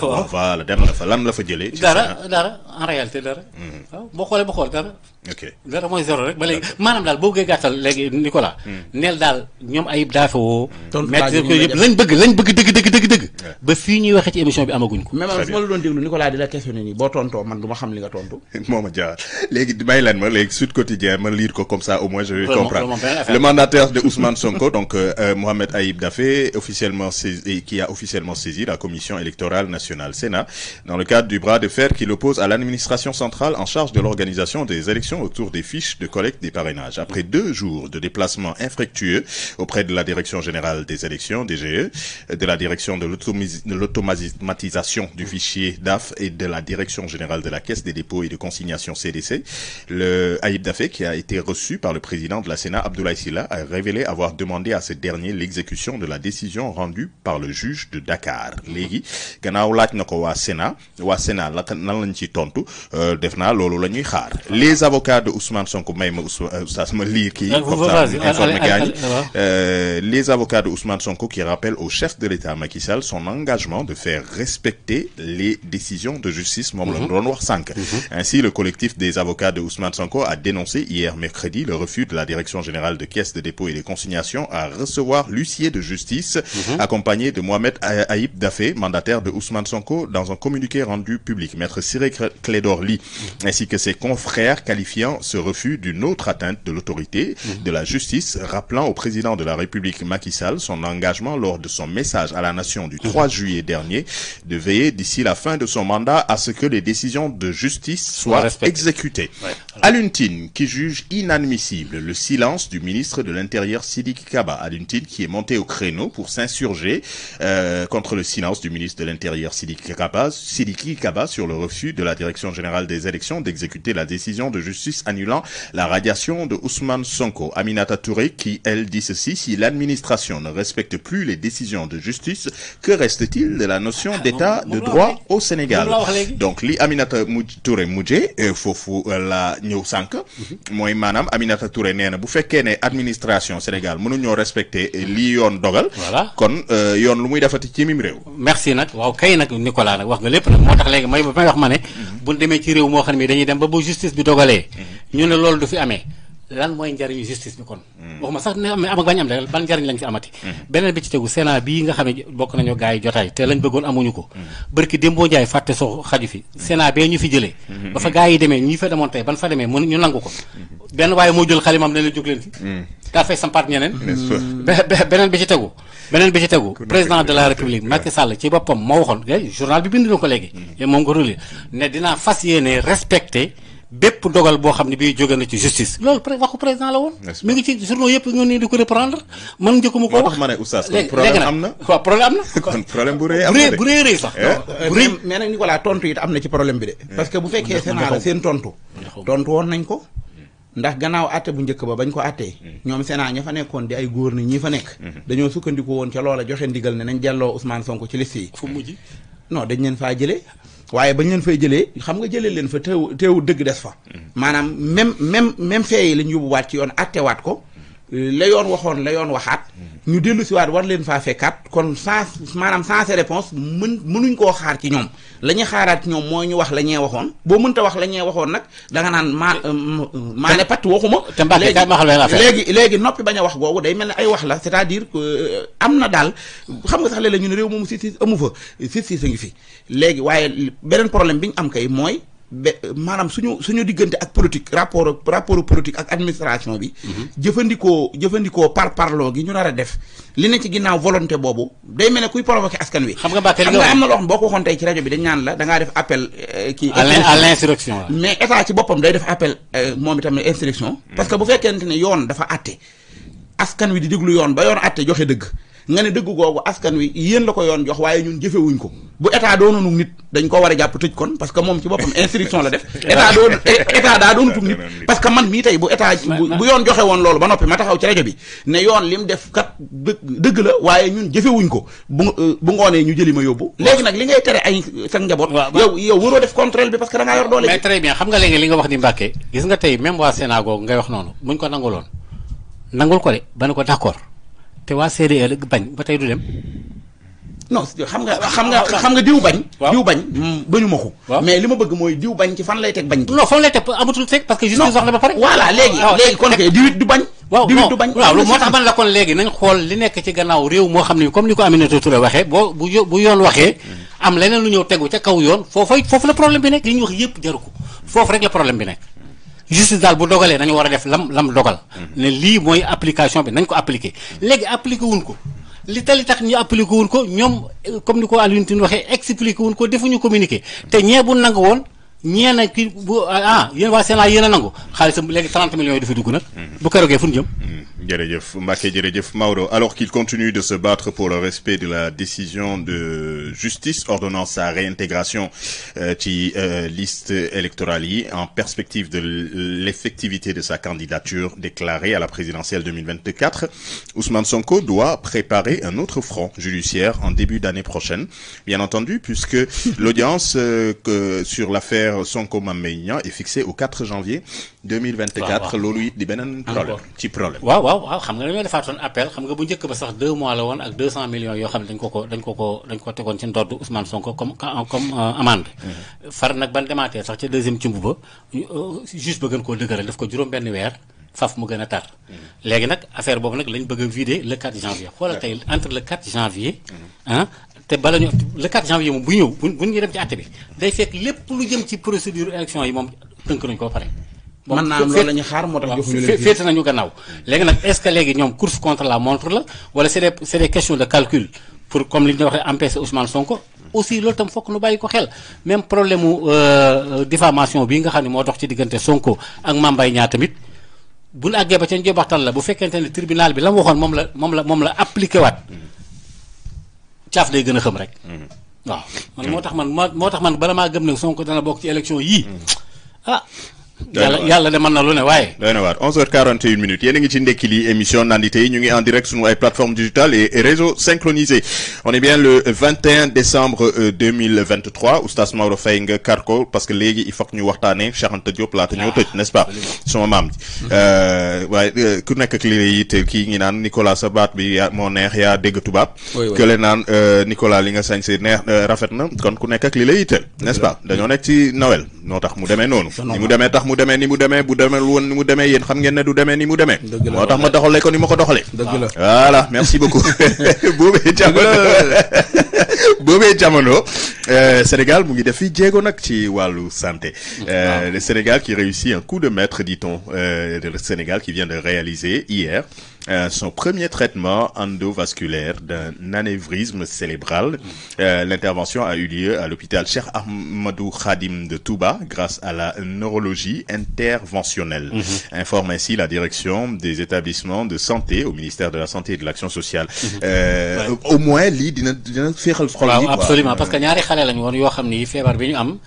na fa la fa jëlee. dara dara en réalité dara. Mhm. boo xoolee dara. ok dara mooy zéro rek ba léegi maanaam daal boo bëggee gàttal léegi Nicolas. Hmm. neel a ñoom ayib daafewoo. tontu laaj yëpp lañ bëgg lañ bëgg dëgg dëgg. ba fii ñuy waxee ci émission ma la au moins je vais comprendre le mandataire de Ousmane Sonko donc euh, euh Mohamed Aïb Dafé officiellement saisi qui a officiellement saisi la commission électorale nationale Sénat dans le cadre du bras de fer qui l'oppose à l'administration centrale en charge de l'organisation des élections autour des fiches de collecte des parrainages après deux jours de déplacement infructueux auprès de la direction générale des élections DGE de la direction de l'auto l'automatisation du fichier DAF et de la Direction générale de la Caisse des dépôts et de consignation CDC. Le Aïb qui a été reçu par le président de la Sénat, Abdoulaye Silla, a révélé avoir demandé à ce dernier l'exécution de la décision rendue par le juge de Dakar. léegi gannaaw laaj na ko waa Sénat waa Sénat la nan lañ ci tontu euh, def naa les avocats de Ousmane Sonko may ma euh, oustaz euh, Sonko qui rappellent au chef de l'État Macky son engagement de faire respecter les décisions de justice moom la doon wax sànq ainsi le collectif des avocats de Ousmane Sonko a dénoncé hier mercredi le refus de la direction générale de caisse de dépôt et de consignation à recevoir l'huissier de justice mhm. accompagné de Mohamed Aïb Daffé mandataire de Ousmane Sonko dans un communiqué rendu public maître Ciré Clédor Ly mhm. ainsi que ses confrères qualifiant ce refus d'une autre atteinte de l'autorité mhm. de la justice rappelant au de la République Macky Sall son engagement lors de nation 3 juillet dernier de veiller d'ici la fin de son mandat à ce que les décisions de justice soient exécutées. Ouais. Alioune Tine qui juge inadmissible le silence du ministre de l'Intérieur Sidiki Kaba. Alioune Tine qui est monté au créneau pour s'insurger euh, contre le silence du ministre de l'Intérieur Sidiki Kaba, Sidiki Kaba sur le refus de la Direction générale des élections d'exécuter la décision de justice annulant la radiation de Ousmane Sonko. Aminata Touré qui elle dit ceci, si l'administration de justice, reste-t-il de la notion ah, d'état de droit au Sénégal donc li Aminata mu Touré mujjee euh, foofu euh, la ñëw sànq mhm. mooy maanaam Aminata Touré nee na bu fekkee ne administration Sénégal mënuñoo respecter euh, lii yoon dogal kon yoon lu muy defati ci mim réew merci nag waaw kay nag Nicolas nag wax nga lépp nag moo tax léegi may may wax ma ne mhm. bu ñu demee ci réew moo xam ne dañuy dem ba bu justice bi dogalee mhm. ñu ne loolu du fi amee lan mooy njariñu justice bi kon hmm. waxuma sax ne am ak bañ am de ban njariñ lañ ci amati hmm. beneen bi ci tegu Sénat bii nga xam ne bokk nañu gars yi jotaay te lañ bëggoon amuñu ko hmm. bërki démboo njaay fàtte so xaju fi Sénat bee ñu fi jëlee ba fa gars yi demee ñu fa demoon tey ban fa demee mu ñu nangu ko benn waaye moo jël xalimam ne la jóg leen fi daa sampaat ñeneen beneen bi ci tegu beneen bi ci tegu président de la république Macky Sall ci boppam moo waxoon ko léegi moom ko reli ne dinaa fas bépp ndogal boo xam ne bii jóge na ci justice. loolu waxu président la woon. mi ngi ci journaux yëpp ñoo nii di ko reprendre. man njëkkuma ko wax moo tax problème am na waaw problème am na. kon problème bu rëy am na bu rëy rëy sax. Eh, bu rëy mais nag Nicolas tontu it am na ci problème bi de. Eh. parce que bu fekkee Sénat la seen tontu. tontu woon nañ ko. ndax gannaaw àtte bu njëkk ba bañ ko àttee hmm. ñoom Sénat ña fa nekkoon di ay góor ni ñi fa nekk hmm. dañoo sukkandiku woon ca loola joxe ndigal ne nañ delloo Ousmane Sonko ci liste yi fu mujj non dañ leen faa jëlee waaye bañ leen fay jëlee xam nga jëlee leen fa teew teewu dëgg des fa. maanaam même même même fee yi lañ yóbbuwaat ci yoon attewaat ko la yoon waxoon la yoon waxaat. ñu dellu si waat war leen faa fekkaat kon sans maanaam sans réponse mën mënuñ koo xaar ci ñoom la ñuy xaaraat ñoom mooy ñu wax la ñee waxoon boo mënta wax la ñee waxoon nag danga naan maa euh, euh, maa ne pat waxuma léegi léegi noppi bañ a wax googu day mel ne ay wax la c'est-à-dire que euh, am na daal xam nga sax léeg-léeg ñu ne réew moomu justice amu fa justice a ngi fi léegi waaye beneen problème bi ñu am kay mooy be maanaam suñu suñu diggante ak politique rapport rapport politique ak administration bi. Mhm. jëfandikoo jëfandikoo par parloo gi ñu nar a def. li ne ci ginnaaw volonté boobu day mel ne kuy provoqué askan wi. xam nga Mbacke am na loo xam boo ko waxoon tey ci rajo bi dañ naan la da ngaa def appel. Euh, kii mais état ci boppam day def appel euh, moom itam instruction. Mhm. parce que bu fekkente ne yoon dafa àtte askan wi di déglu yoon ba yoon àtte joxe dëgg. nga ne dëgg googu askan wi yéen la ko yoon jox waaye ñun jëfewuñ ko bu état doononu nit dañ ko war a jàpp tëj kon parce que moom ci boppam instruction la def état doon état daa doonutug nit parce que man mii tey bu état bu yoon joxe woon loolu ba noppi ma taxaw ci rajo bi ne yoon lim def kat dëgg la waaye ñun jëfewuñ ko bu euh, bu ngoonee ñu jëli ma yóbbu léegi nag li ngay tere ay sa njaboot yow yow waroo def contrôle bi parce que da ngaa yor doole mais très bien li nga wax ni Mbàkke gis nga tey même waa Sénégal wax noonu buñ ko nanguloon nangul ko de ba ne ko d'accord te waa CDE la bañ ba tey du dem. non xam nga xam nga xam nga diw bañ. diw bañ mm, bañu ma ko. mais li ma bëgg mooy diw bañ ci fan lay teg bañ. non fan lay teg amatul teg parce que. juste soxla ba pare. voilà léegi ah, léegi kon kay diwit du bañ. waaw moo tax man la kon léegi nañ xool li nekk ci gannaaw réew moo xam ne comme ni ko Aminata Touré waxee boo bu bu yoon waxee. am leneen lu ñëw tegu ca kaw yoon foofay foofu la problème bi nekk. li ñu wax yëpp jaru ko foofu rek la problème bi nekk. justice daal bu dogalee dañu war a def lam lam dogal. Mhm. ne lii mooy application bi nañ ko appliquer. Mhm. léegi appliquer wuñ ko li tali tax ñu appliquer wuñ ko ñoom eh, comme ni ko Alioune Tine waxee expliquer wuñ ko defuñu communiqué mhm. te ñee bu nangu woon. ñee na kii bu ah yéen waa Sénat yéen a nangu xaalisam léegi 30 millions yi du fi dugg nag. bu keroogee fu jëm. jërëjëf Mbacké jërëjëf Maodo alors qu'il continue de se battre pour la décision de justice ordonnant sa euh, ci euh, euh, liste yi en perspective de l'effectivité de sa candidature déclarée à la présidentielle 2024 Ousmane Sonko doit préparer un autre front judiciaire en début d'année prochaine bien entendu puisque l'audience euh, que sur l'affaire Sonko Mame Mbaye Niang est fixée au 4 janvier 2024 loolu it di beneen problème ci problème waaw waaw waaw waaw xam nga dañoo defaatoon appel xam nga bu njëkk ba sax deux mois la woon ak deux cent millions yoo xam ne dañ ko ko dañ ko tegoon ci ndodd Ousmane Sonko comme comme euh, mm-hmm. far nag ban demaatee sax ca deuxième cumb ba euh, juste ba gën koo dëgëral daf ko juróom benn weer faf mu gën a tar. Mm-hmm. léegi nag affaire boobu nag lañ bëgg a vider le 4 janvier. xoolal tey entre le 4 janvier. ah te bala ñu le 4 janvier moom bu ñëw bu ñu dem ci àtte bi. day fekk lépp mën naa am loolu ñu xaar moo tax joxuñu leen féete nañu gannaaw léegi nag est-ce que léegi ñoom course contre la montre la wala c'est des c'est de calcul pour comme li ñu waxee empêcher aussi loolu tam fokk nu bàyyi ko xel même problème mu euh, euh, diffamation bi nga xam ne moo dox ci diggante Sonko ak Mame Mbaye Niang tamit buñ àggee ba ca njobaxtal la bu fekkente ne tribunal bi la mu waxoon moom la moom la moom la appliqué waat caaf day gën a xam rek mm-hmm. waaw man mm-hmm. moo tax man moo tax man bala maa gëm ne Sonko dana bokk ci élection yii mm-hmm. ah yàlla de mën na lu ne waaye. doy na a ngi ci ndekki li émission nandite yi ñu ngi en direct sunu ay plateformes digitales et réseaux synchronisés on est le décembre 2023 euh, oustaz Maodo nga kar ko parce que léegi il faut que ñu waxtaanee Cheikh Anta Diop laata ñoo tëj n'est-ce pas suma maam mm-hmm. euh, waaye euh, ku nekk ak li yitte kii ngi naan Nicolas sa baat bi moo neex yaa dégg tubaab. kële naan Nicolas li nga sañ si neex rafet na kon ku nekk ak li lay yitte n'est-ce pas ci Noël moo tax mu demee noonu. mu demee ni mu demee bu demee woon ni mu demee yéen xam ngeen ne du demee ni mu demee moo tax ma doxalee ko ni ma ko doxalee dëgg la voilà merci beaucoup boobee jamono boobee jamono Sénégal mu ngi def fi jéego nag ci wàllu santé euh, le Sénégal qui réussit un coup de maître dit-on euh, le Sénégal qui vient de réaliser hier Euh, son premier traitement endovasculaire d'un anévrisme cérébral. Euh, l'intervention a eu lieu à l'hôpital Cheikh Ahmadou Khadim de Touba grâce à la neurologie interventionnelle. Mhm. Informe ainsi la direction des établissements de santé au ministère de la santé et de l'action sociale. Mhm. Euh, au moins lii dina dina féexal xol yi. absolument parce que ñaari xale lañu woon yoo xam ni feebar bi ñu am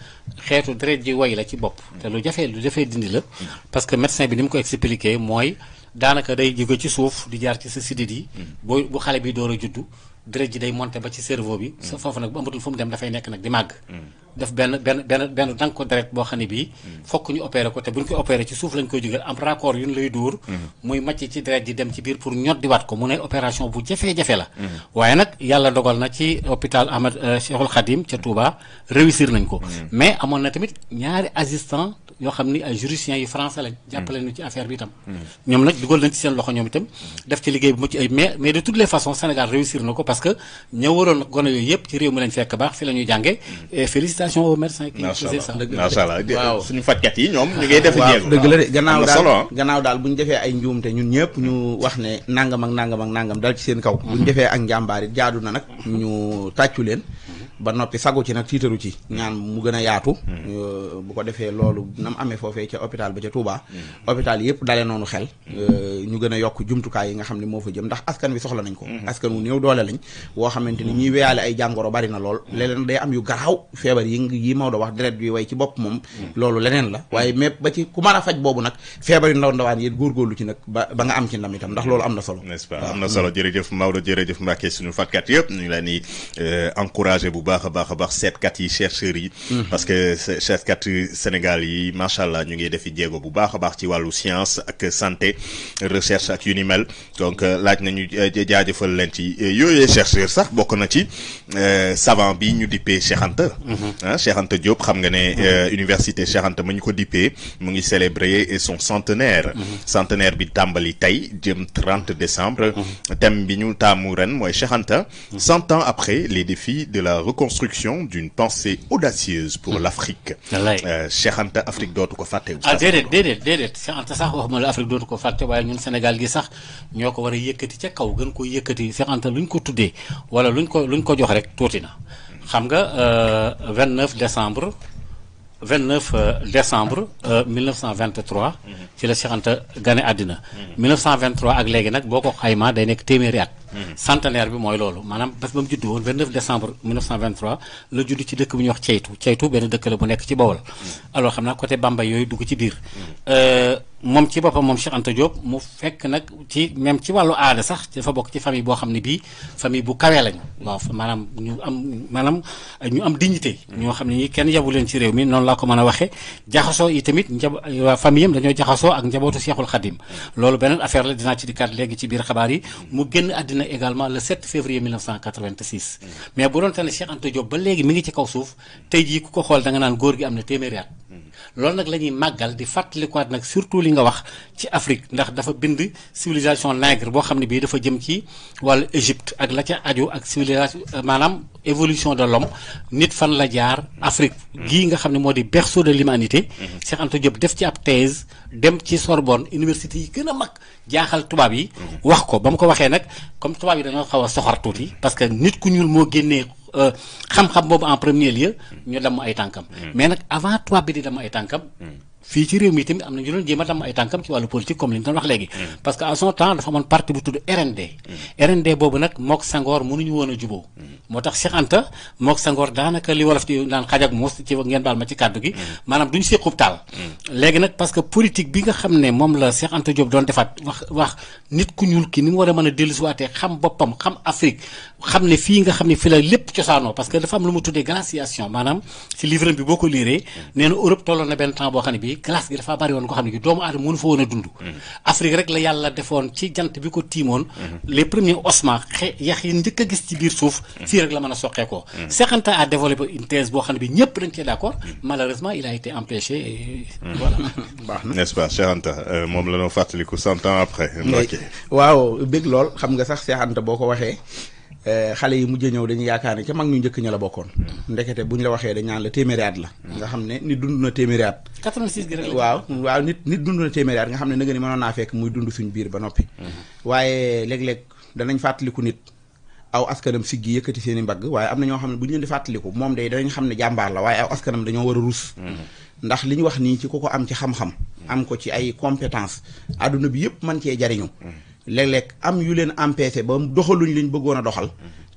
xeetu deret ji way la ci bopp. te lu jafe lu jafe dindi la. Mm. parce que médecin bi ni mu ko expliqué mooy. daanaka day jóge ci suuf di jaar ci sa sidit yi mm. boo bu xale bi door a juddu deret ji day monte ba ci cerveau bi mm. sa foofu nag bu amatul fu mu dem dafay nekk nag di màgg mm. def benn benn benn benn dang ko deret boo xam ne bii hmm. fokk ñu opéré ko te bu ñu koy opéré ci suuf lañ koy jógal am raccord yu ñu lay hmm. ne opération hmm. na ci hôpital Ahmad euh, Cheikhul Khadim ca Touba réussir yoo xam ni ay juristien yu français lañ jàppale ñu ci affaire bi itam dugal nañ ci seen loxo ñoom itam def ci liggéey bu mucc ay mais de toutes les façons Sénégal réussir na ko parce que ña waroon gone yooyu yëpp ci réew mi lañ fekk baax fi la ñuy jànge félicitations aux médecins qui faisaient ça macha allah waaw suñu fajkat yi ñoom ñu ngi def jéego dëgg la de gannaaw daal gannaaw daal bu ñu defee ay njuumte ñun ñëpp ñu wax ne nangam ak nangam ak nangam dal ci seen kaw bu ñu defee ak njàmbaar it jaadu na nag ñu tàccu leen ba noppi sagu ci nag tiitaru ci mm. ñaan mu gën a yaatu mm. euh, bu ko defee loolu nam amee foofee ca hôpital ba ca Touba mm. hôpital yëpp dale noonu xel euh, ñu gën a yokk jumtukaay yi nga xam ne moo fa jëm ndax askan wi soxla nañ ko mm-hmm. askan wu néew doole lañ woo xamante ni ñuy mm-hmm. weyaale ay jàngoro bari na lool mm-hmm. leneen day am yu garaaw feebar yi yi Maodo wax deret bi way ci bopp moom loolu leneen la waaye mais ba ci ku mën a boobu nag feebar yu ndaw ndawaan yéen góorgóorlu ci nag ba ba nga am ci ndam itam ndax loolu am na solo n'est-ce pas am na solo jërëjëf Maodo jërëjëf Mbacke suñu fajkat yëpp ñu ngi leen di euh, encouragé bu baax baax a baax a baax seetkat yi chercheurs yi. Mhm. parce que seetkat Sénégal yi macha allah ñu ngi defi jéego bu baax a baax ci wàllu science ak santé recherche ak yu ni mel donc euh, laaj nañu euh, jaajëfal leen ci euh, yooyee chercheur sax bokk na ci savant bi ñu dippee Cheikh Anta. Mhm. ah Cheikh xam nga ne mhm. université Cheikh Anta ma ñu ko dippee mu ngi célébrer son centenaire. centenaire bi tàmbali tey jëm 30 décembre. thème bi ñu taamu ren mooy Cheikh Anta. ans après les défis de la reconstruction d'une pensée audacieuse pour hmm. l'Afrique. Euh, Cheikh Anta Afrique dootu ko fàtte. ah déedéet déedéet déedéet Cheikh Anta sax waxuma la Afrique dootu ko fàtte waaye ñun Sénégal gi sax ñoo ko war a yëkkati ca kaw gën ko yëkkati Cheikh Anta luñ ko tuddee wala luñ ko luñ ko jox rek tuuti na. xam nga 29 euh, décembre 29 euh, décembre 1923. Hmm. ci la Cheikh Anta gane àddina. 1923 hmm. ak léegi nag boo ko xaymaa day nekk téeméeri at. centenaire bi mooy loolu maanaam bés ba mu juddu woon 29 décembre 1923 la judd ci dëkk bu ñuy wax ceytu ceytu benn dëkk la bu nekk ci Bawol alors xam naa côté Bambey yooyu dugg ci biir euh, moom ci boppam moom Cheikh Anta Diop mu fekk nag ci même ci wàllu aada sax dafa bokk ci famille boo xam ne bii famille bu kawe lañu. waaw maanaam ñu am maanaam ñu am dignité. ñoo xam ne ñi kenn yabu leen ci réew mi noonu laa ko mën a waxee jaxasoo yi tamit njab waa famille am dañoo jaxasoo ak njabootu Cheikhul Khadim loolu beneen affaire la dinaa ci dikkaat léegi ci biir xabaar yi mu génn àddina na également le 7 février 1986. mais bu doon tane Cheikh Anta ba léegi mi ngi ci kaw suuf tey ku ko xool danga naan góor gi am na téeméeri at. loolu nag la ñuy màggal di fàttalikuwaat nag surtout li nga wax ci Afrique ndax dafa bind civilisation nègre boo xam ne bii dafa jëm ci wàllu Égypte ak la ca aju ak civilisation euh, maanaam évolution de l'homme nit fan la jaar Afrique gii nga xam ne moo di berceau de l'humanité mhm. Cheikh Anta def ci ab thèse dem ci Sorbonne université yi gën a mag jaaxal tubaab yi mhm. wax ko ba mu ko waxee nag comme tubaab yi dañoo xaw a soxor tuuti parce que nit ku ñuul moo génnee Euh, xam-xam boobu en premier lieu ñu damm ay tànkam hmm. mais nag avant tubaab bi di damm ay tànkam hmm. fii ci réew mi tamit am na ñu doon jéem a damm ay tànkam ci wàllu politique comme li ñu doon wax léegi hmm. parce que à son temps dafa amoon parti bu tudd RND RND boobu nag mook woon a juboo moo tax Cheikh Anta mook daanaka li wolof di naan xaj ak muus ci ma ci kàddu gi maanaam duñ séqub taal léegi nag parce que politique bi nga xam ne moom la Cheikh Anta Diop doon defaat wax wax nit ku ñuul ki ni mu war a mën a dellusiwaatee xam boppam xam Afrique xam ne fii nga xam ne fi la lépp cosaanoo parce que dafa am lu ma tuddee glaciation maanaam si livre bi boo ko liiree nee na Europe tolloon na benn temps boo xam ne bii glace gi dafa bari woon ko xam ne bi doomu aadama mënu fa woon a dund mm-hmm. Afrique rek la yàlla defoon ci jant bi ko tiimoon mm-hmm. les premiers ossements xe yax yi njëkk a gis ci biir suuf mm-hmm. fii rek la mën a soqee ko Cheikh Anta a développé une boo xam ne bi ñëpp dañ cee d'accord malheureusement il a été empêché et baax na n'est-ce pas euh, moom la noo fàttaliku cent ans après waaw bëgg lool xam nga sax Cheikh Anta boo ko waxee Eh, xale yi mujj ñëw dañu yaakaar ne ca mag ñu njëkk ña la bokkoon ndekete bu ñu la waxee dañ la téeméeri la nga xam ne nit dund na téeméeri at 86 gi rek waaw waaw nit nit dund na téeméeri nga xam ne na nga ni naa fekk muy dund suñu biir ba noppi mhm. waaye léeg-léeg danañ fàttaliku nit aw askanam siggi yëkkati seen i mbagg waaye am na ñoo xam ne bu ñu leen di fàttaliku moom day danañ xam ne jàmbaar la waaye aw askanam dañoo war a rus mhm. ndax li ñu wax nii ci ko am ci xam am ko ci ay compétence adduna bi yëpp man cee jariñu mhm. léeg-léeg am yu leen empêché ba doxaluñu liñ bëggoon a doxal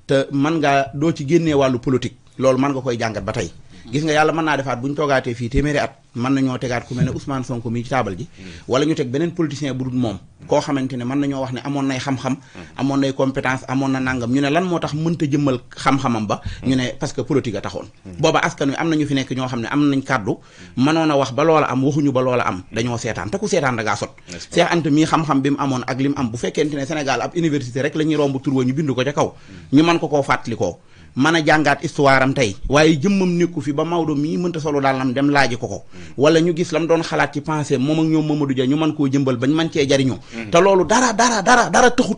te mën ngaa doo ci génnee wàllu politique loolu mën nga koy jàngat ba tey gis nga yàlla mën naa defaat bu ñu toogaatee fii téeméeri at mën nañoo tegaat ku mel ne Ousmane Sonko mii ci taabal ji wala ñu teg beneen politicien bu dul moom koo xamante ne mën nañoo wax ne amoon nay xam-xam amoon nay compétence amoon na nangam ñu ne lan moo tax mënta jëmmal xam-xamam ba ñu ne parce que politique a taxoon booba askan wi am nañu fi nekk ñoo xam ne am nañ kàddu mënoon a wax ba loola am waxuñu ba loola am dañoo seetaan te ku seetaan da ngaa sot Cheikh Anta mii bi mu amoon ak li mu am bu fekkente ne Sénégal ab université la ñuy romb tur wa ñu bind ko ca kaw ñu mën ko koo fàttalikoo man a jàngaat histoire am tey waaye jëmmam nekku fi ba Maodo mii mënta solo daal am dem laaji ko ko wala ñu gis lam doon xalaat ci pensée moom ak ñoom Mamadou Dia ñu mën koo jëmbal bañ mën cee jariñoo mm. te loolu dara dara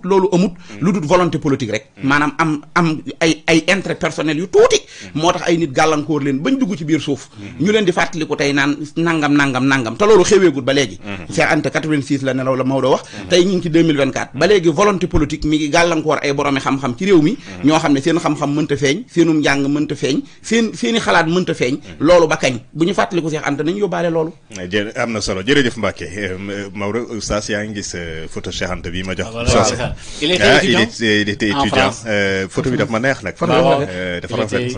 loolu amut mm. lu dul volonté politique rek mm. maanaam am am ay ay intérêt personnel yu tuuti moo tax ay leen bañ dugg ci biir suuf ñu leen di fàttaliku tey naan nangam nangam nangam te loolu xeweegul ba léegi Cheikh Anta 86 la nelaw la Maodo wax tey ñu ngi ci 2024 ba léegi volonté politique mi ngi gàllankoor ay boroomi xam-xam ci réew mi ñoo xam ne seen xam-xam mënta fee feeñ seenum njàng mënta feeñ seen seeni xalaat mënta feeñ mm. loolu ba kañ bu ñu fàttaliku Seex Anta nañu yóbbaale loolu jë am na solo jërëjëf Mbacke euh, Maodo oustaz yaa ngi gis euh, photo Seex Anta bi ma jox ah, soose il était ah, étudiant euh, photo bi daf ma neex nag fan dafa rafet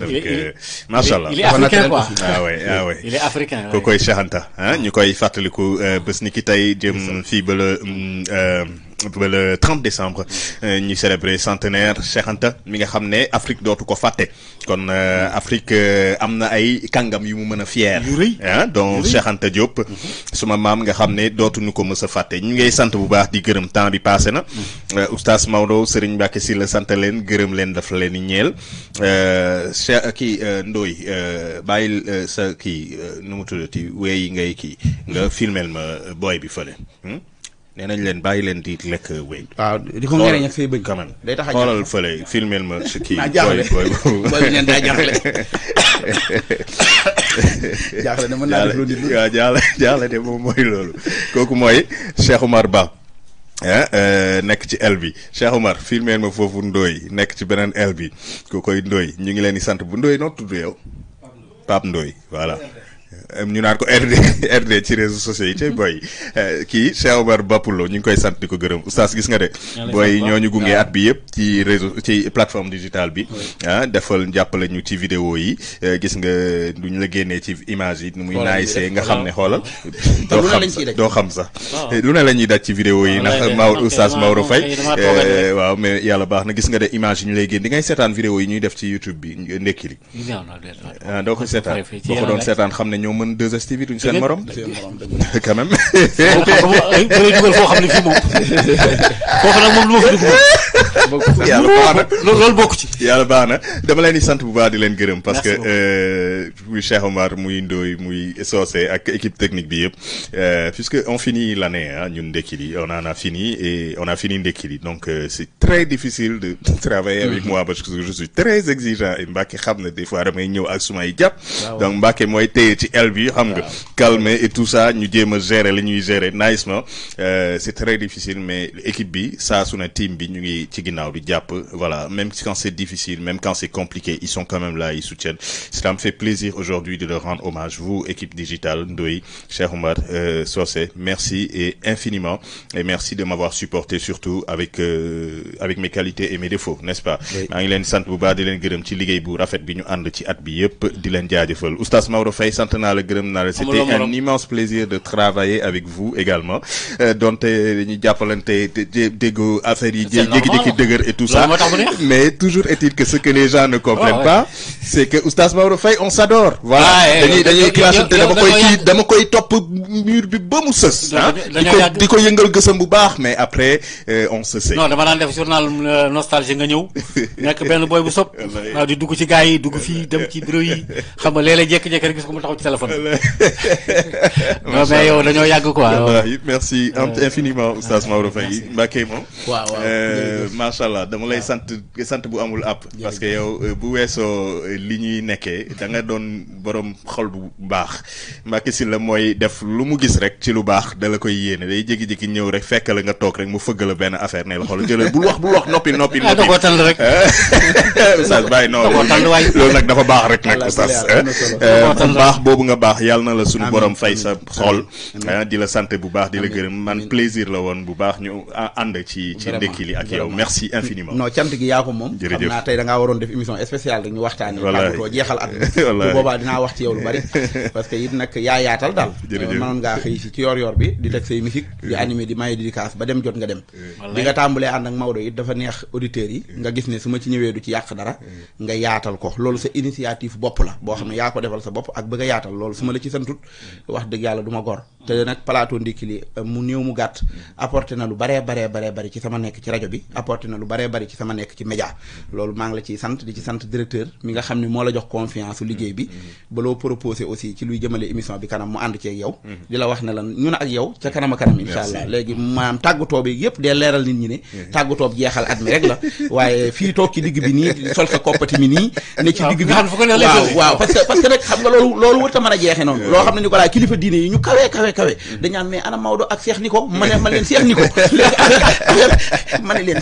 macha allah il est africain quoi ah ouais ah ouais il est africain ku koy Seex Anta ah, ñu koy fàttaliku bés ni ki tey jëm fii ba la ba le 30 décembre euh, ñuy célébrer centenaire Cheikh mi nga xam ne Afrique dootu ko fàtte kon euh, Afrique euh, am na ay kàngam yu mu mën a fier ah donc Cheikh Anta Diop mhm. suma maam nga xam ne dootuñu ko mës a fàtte ñu ngay sant bu baax di gërëm temps bi passé na mhm. oustaz Maodo Serigne Mbacke si la sant leen gërëm leen dafa leen i ñeel Cheikh kii Ndoye bàyyil sa kii nu mu tuddati weey yi ngay kii nga filmel ma booy bi fële hmm? nee nañ leen bàyyi leen di lekk wéy. waaw di ko ngeen ak say bëñ. quand day tax a xoolal fële kii. naa jaaxle booy lu nit waaw jaaxle jaaxle de moom mooy loolu kooku mooy Cheikh Oumar Ba. Ah, euh, nekk ci el bi Cheikh Omar filmeel ma foofu Ndoye nekk ci beneen el bi ku koy Ndoye ñu ngi leen di sant bu Ndoye noo tudd yow. Pape Ndoye voilà. ñu naan ko RD RD ci réseaux sociaux yi tey booy eh, kii Cheikh Omar Bapoulo ñu ngi koy sant di ko gërëm oustaz gis nga de. booy ñoo ñu gunge at bi yëpp ci réseau ci plateforme digital bi. ah defal jàppale ñu ci vidéo yi eh, gis nga duñ la génnee ci image yi. nu muy naaysee nga xam ne xoolal. doo xam doo xam sax. lu ne la ñuy daj ci vidéo yi ah, ndax Maodo oustaz Maodo Faye. Eh, waaw mais yàlla baax na gis nga de image ñu lay génn di ngay seetaan vidéo yi ñuy def ci YouTube bi ndekki li. Ah, doo ko seetaan boo ko doon seetaan xam ne ñoom mën 2STV duñ seen morom. quand même. foo xam ne fii moom nag moom lu ma fi yàlla baax na loolu bokk ci. yàlla baax dama leen di sant bu baax di leen gërëm. parce que euh, muy Cheikh Omar muy Ndoye muy Socé ak équipe technique bi yëpp. Euh, puisque on finit l' ñun Ndekili on en a fini et on a fini Ndekili donc euh, c' très difficile de travailler avec moi parce que je suis très exigeant et Mbacke xam na des fois damay ah ah. a gérer li ñuy gérer nicement c' est très difficile mais équipe bi saa su ne team bi ñu ngi ci ginnaaw bi jàpp voilà même quand c'est difficile même quand c'est compliqué ils sont quand même là ils soutiennent cela me fait plaisir aujourd'hui de leur rendre hommage vous équipe digitale Ndoye Cheikh Oumar euh, Socé merci et infiniment et merci de m'avoir supporté surtout avec euh, mes qualités et mes défauts n'est-ce pas maa ngi leen sant bu baax di leen gërëm ci liggéey bu rafet bi ñu ànd ci at bi yëpp di leen jaajëfal oustaz Maodo Faye dëgër et tout ça mais toujours est-il que ce que les gens ne comprennent pas c'est que Oustaz Maodo on s'adore voilà ah, eh, dañuy dañuy clashante dama koy kii dama koy topp mur bi ba mu sës ah di ko di ko yëngal gësam bu baax mais après euh, on se sait non dama daan def journal euh, nostalgie nga ñëw nekk benn booy bu sob waaw ah, di dugg ci gaa yi dugg fii dem ci bureau yi xam nga léeg-léeg jékki-jékki rek gis ko mu taxaw ci téléphone non mais yow dañoo yàgg quoi merci macha allah dama lay ah. sant sant bu amul àpp. parce que yow euh, bu weesoo euh, li ñuy nekkee da nga doon borom xol bu baax si la mooy def lu mu gis rek ci lu baax da la koy yéene day jékki-jékki ñëw rek fekk la nga toog rek mu fëgg la benn affaire ne la xool jëlal bul wax bul wax noppi noppi. Ah, noppi da koo tànn rek. oustaz bàyyi loolu nag dafa baax rek nag oustaz. Euh, baax boobu nga baax yàlla na la suñu borom fay sa xol. Ah, di la sant bu baax di la gërëm man plaisir la woon bu baax ñu ànd ci ci ndekki li ak yow merci merci infiniment non cant gi yaa ko moom xam naa tey da waroon def émission spéciale rek ñu waxtaanee tàggatoo jeexal at boobaa dinaa wax ci yow lu bari parce que it nag yaa yaatal daal mënoon ngaa xëy si ci yor yor bi di teg say musique di animé di maye di ba dem jot nga dem di nga tàmbalee ànd ak Maodo it dafa neex auditeurs yi nga gis ne su ma ci ñëwee du ci yàq dara mm. nga yaatal ko loolu sa initiative bopp la boo xam ne yaa ko defal sa bopp ak bëgg a yaatal loolu su ma la ci santut mm. wax dëgg yàlla du ma gor te nag plateau ndikki euh, mu néew mu gàtt mm. apporté na lu baree baree baree bari ci sama nekk ci rajo bi na lu baree bari ci sama nekk ci média loolu maa la ciy sant di ci sant directeur mi nga xam ne moo la jox confiance liggéey bi ba loo aussi ci luy jëmale émission bi kanam mu ànd ceeg yow di wax ne lan ñu ak yow ca kanam a kanam incha allah léegi maanaam tàggatoo bi yëpp dee leeral nit ñi ne mhm. tàggatoo bi jeexal at mi rek la waaye fii toog ci digg bi nii sol sa koppati mi nii ne ci digg bi waaw waaw parce que parce xam nga loolu loolu wër ta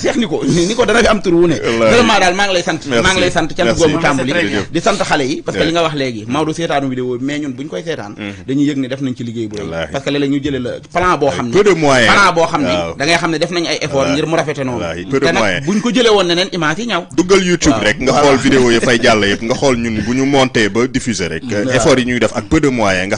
a ko ni ko dana am tur wu ne di sant xale yi parce que li nga wax léegi mm-hmm. Maodo seetaanu vidéo bi mais ñun bu ñu koy seetaan mm-hmm. dañuy yëg ne def nañ ci liggéey bu rëy parce que léeg ñu jëlee la plan boo xam ne plan boo xam ne da xam ne def nañ ay effort ngir mu rafete noonu te nag ko jëlee woon neneen image yi ñaaw duggal YouTube rek nga xool vidéo yi fay jàll yëpp nga xool ñun bu ñu monté ba diffuser rek effort yi ñuy def ak peu de moyens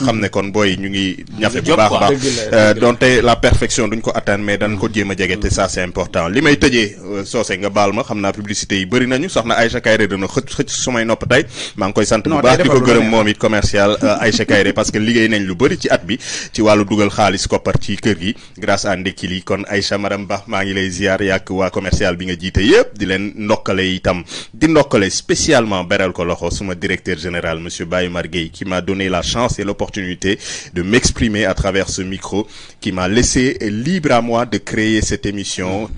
Euh, soose nga baal ma xam naa publicité yi bëri nañu soxna Aïcha Kayré dana xëcc sumay nopp maa ngi koy sant bu baax di ko gërëm moom it commercial euh, Aïcha Kayré parce que liggéey nañ lu bëri ci at bi ci wàllu dugal xaalis koppar ci kër gi grâce à ndekki kon Aïcha madame Ba maa ngi lay ziar yàgg waa commercial bi nga jiite yëpp di leen ndokkale itam di ndokkale spécialement beral ko loxo suma directeur général monsieur Baye Mar Gueye qui m'a donné la chance et l'opportunité de m'exprimer à travers ce micro qui m'a laissé libre à moi de créer cette émission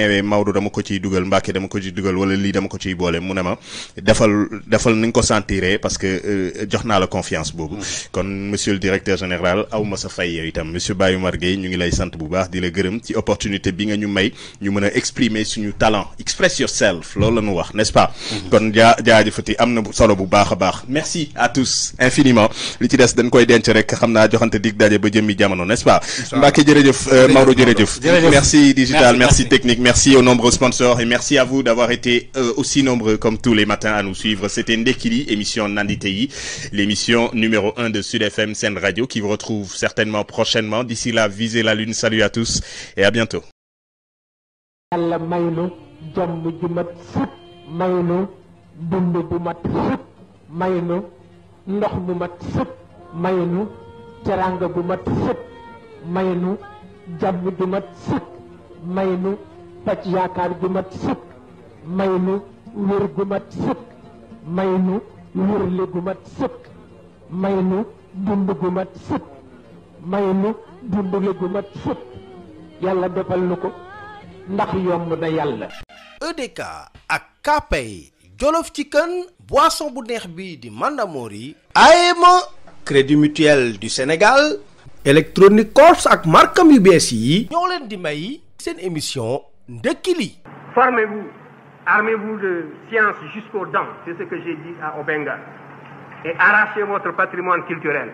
neewee Maodo dama ko ciy dugal Mbacke dama ko ciy dugal wala lii dama ko ciy boole mu ne ma defal defal ni ko sentiree parce que euh, jox naa la confiance boobu. Mm-hmm. kon monsieur le directeur général aw sa fay yow itam monsieur Baye Oumar ñu ngi lay sant bu baax di la gërëm ci opportunité bi nga ñu may ñu mën a exprimer suñu talent express yourself loolu la ñu wax n'est-ce pas. Mm-hmm. kon jaa jaajëfati am na solo bu baax a baax merci à tous infiniment li ci des dañ koy denc rek xam naa joxante dig ba jëmmi jamono n'est-ce pas. Mbacke euh, jërëjëf Maodo jërëjëf. merci digital merci merci aux nombreux sponsors et merci à vous d'avoir été euh, aussi nombreux comme tous les matins à nous suivre. C'était Ndeki li émission Nandite l'émission numéro 1 de Sud FM Radio qui vous retrouve certainement prochainement. D'ici là, visez la lune. Salut à tous et à bientôt. faj yaakaar ju mat sëkk may nu gu mat sëkk may nu wérle mat sëkk may dund gu mat sëkk may nu dundle mat sëkk yàlla defal nu ko ndax yomb na yàlla EDK ak kàppay jolof ci kan boisson bu neex bi di mandamori AEMO Crédit Mutuel du Sénégal Electronic Corps ak markam yu bees yi ñoo leen di may seen émission ndekki li formez-vous, armez-vous de science jusqu'aux dents, c'est ce que j'ai dit à Obenga, et arrachez votre patrimoine culturel.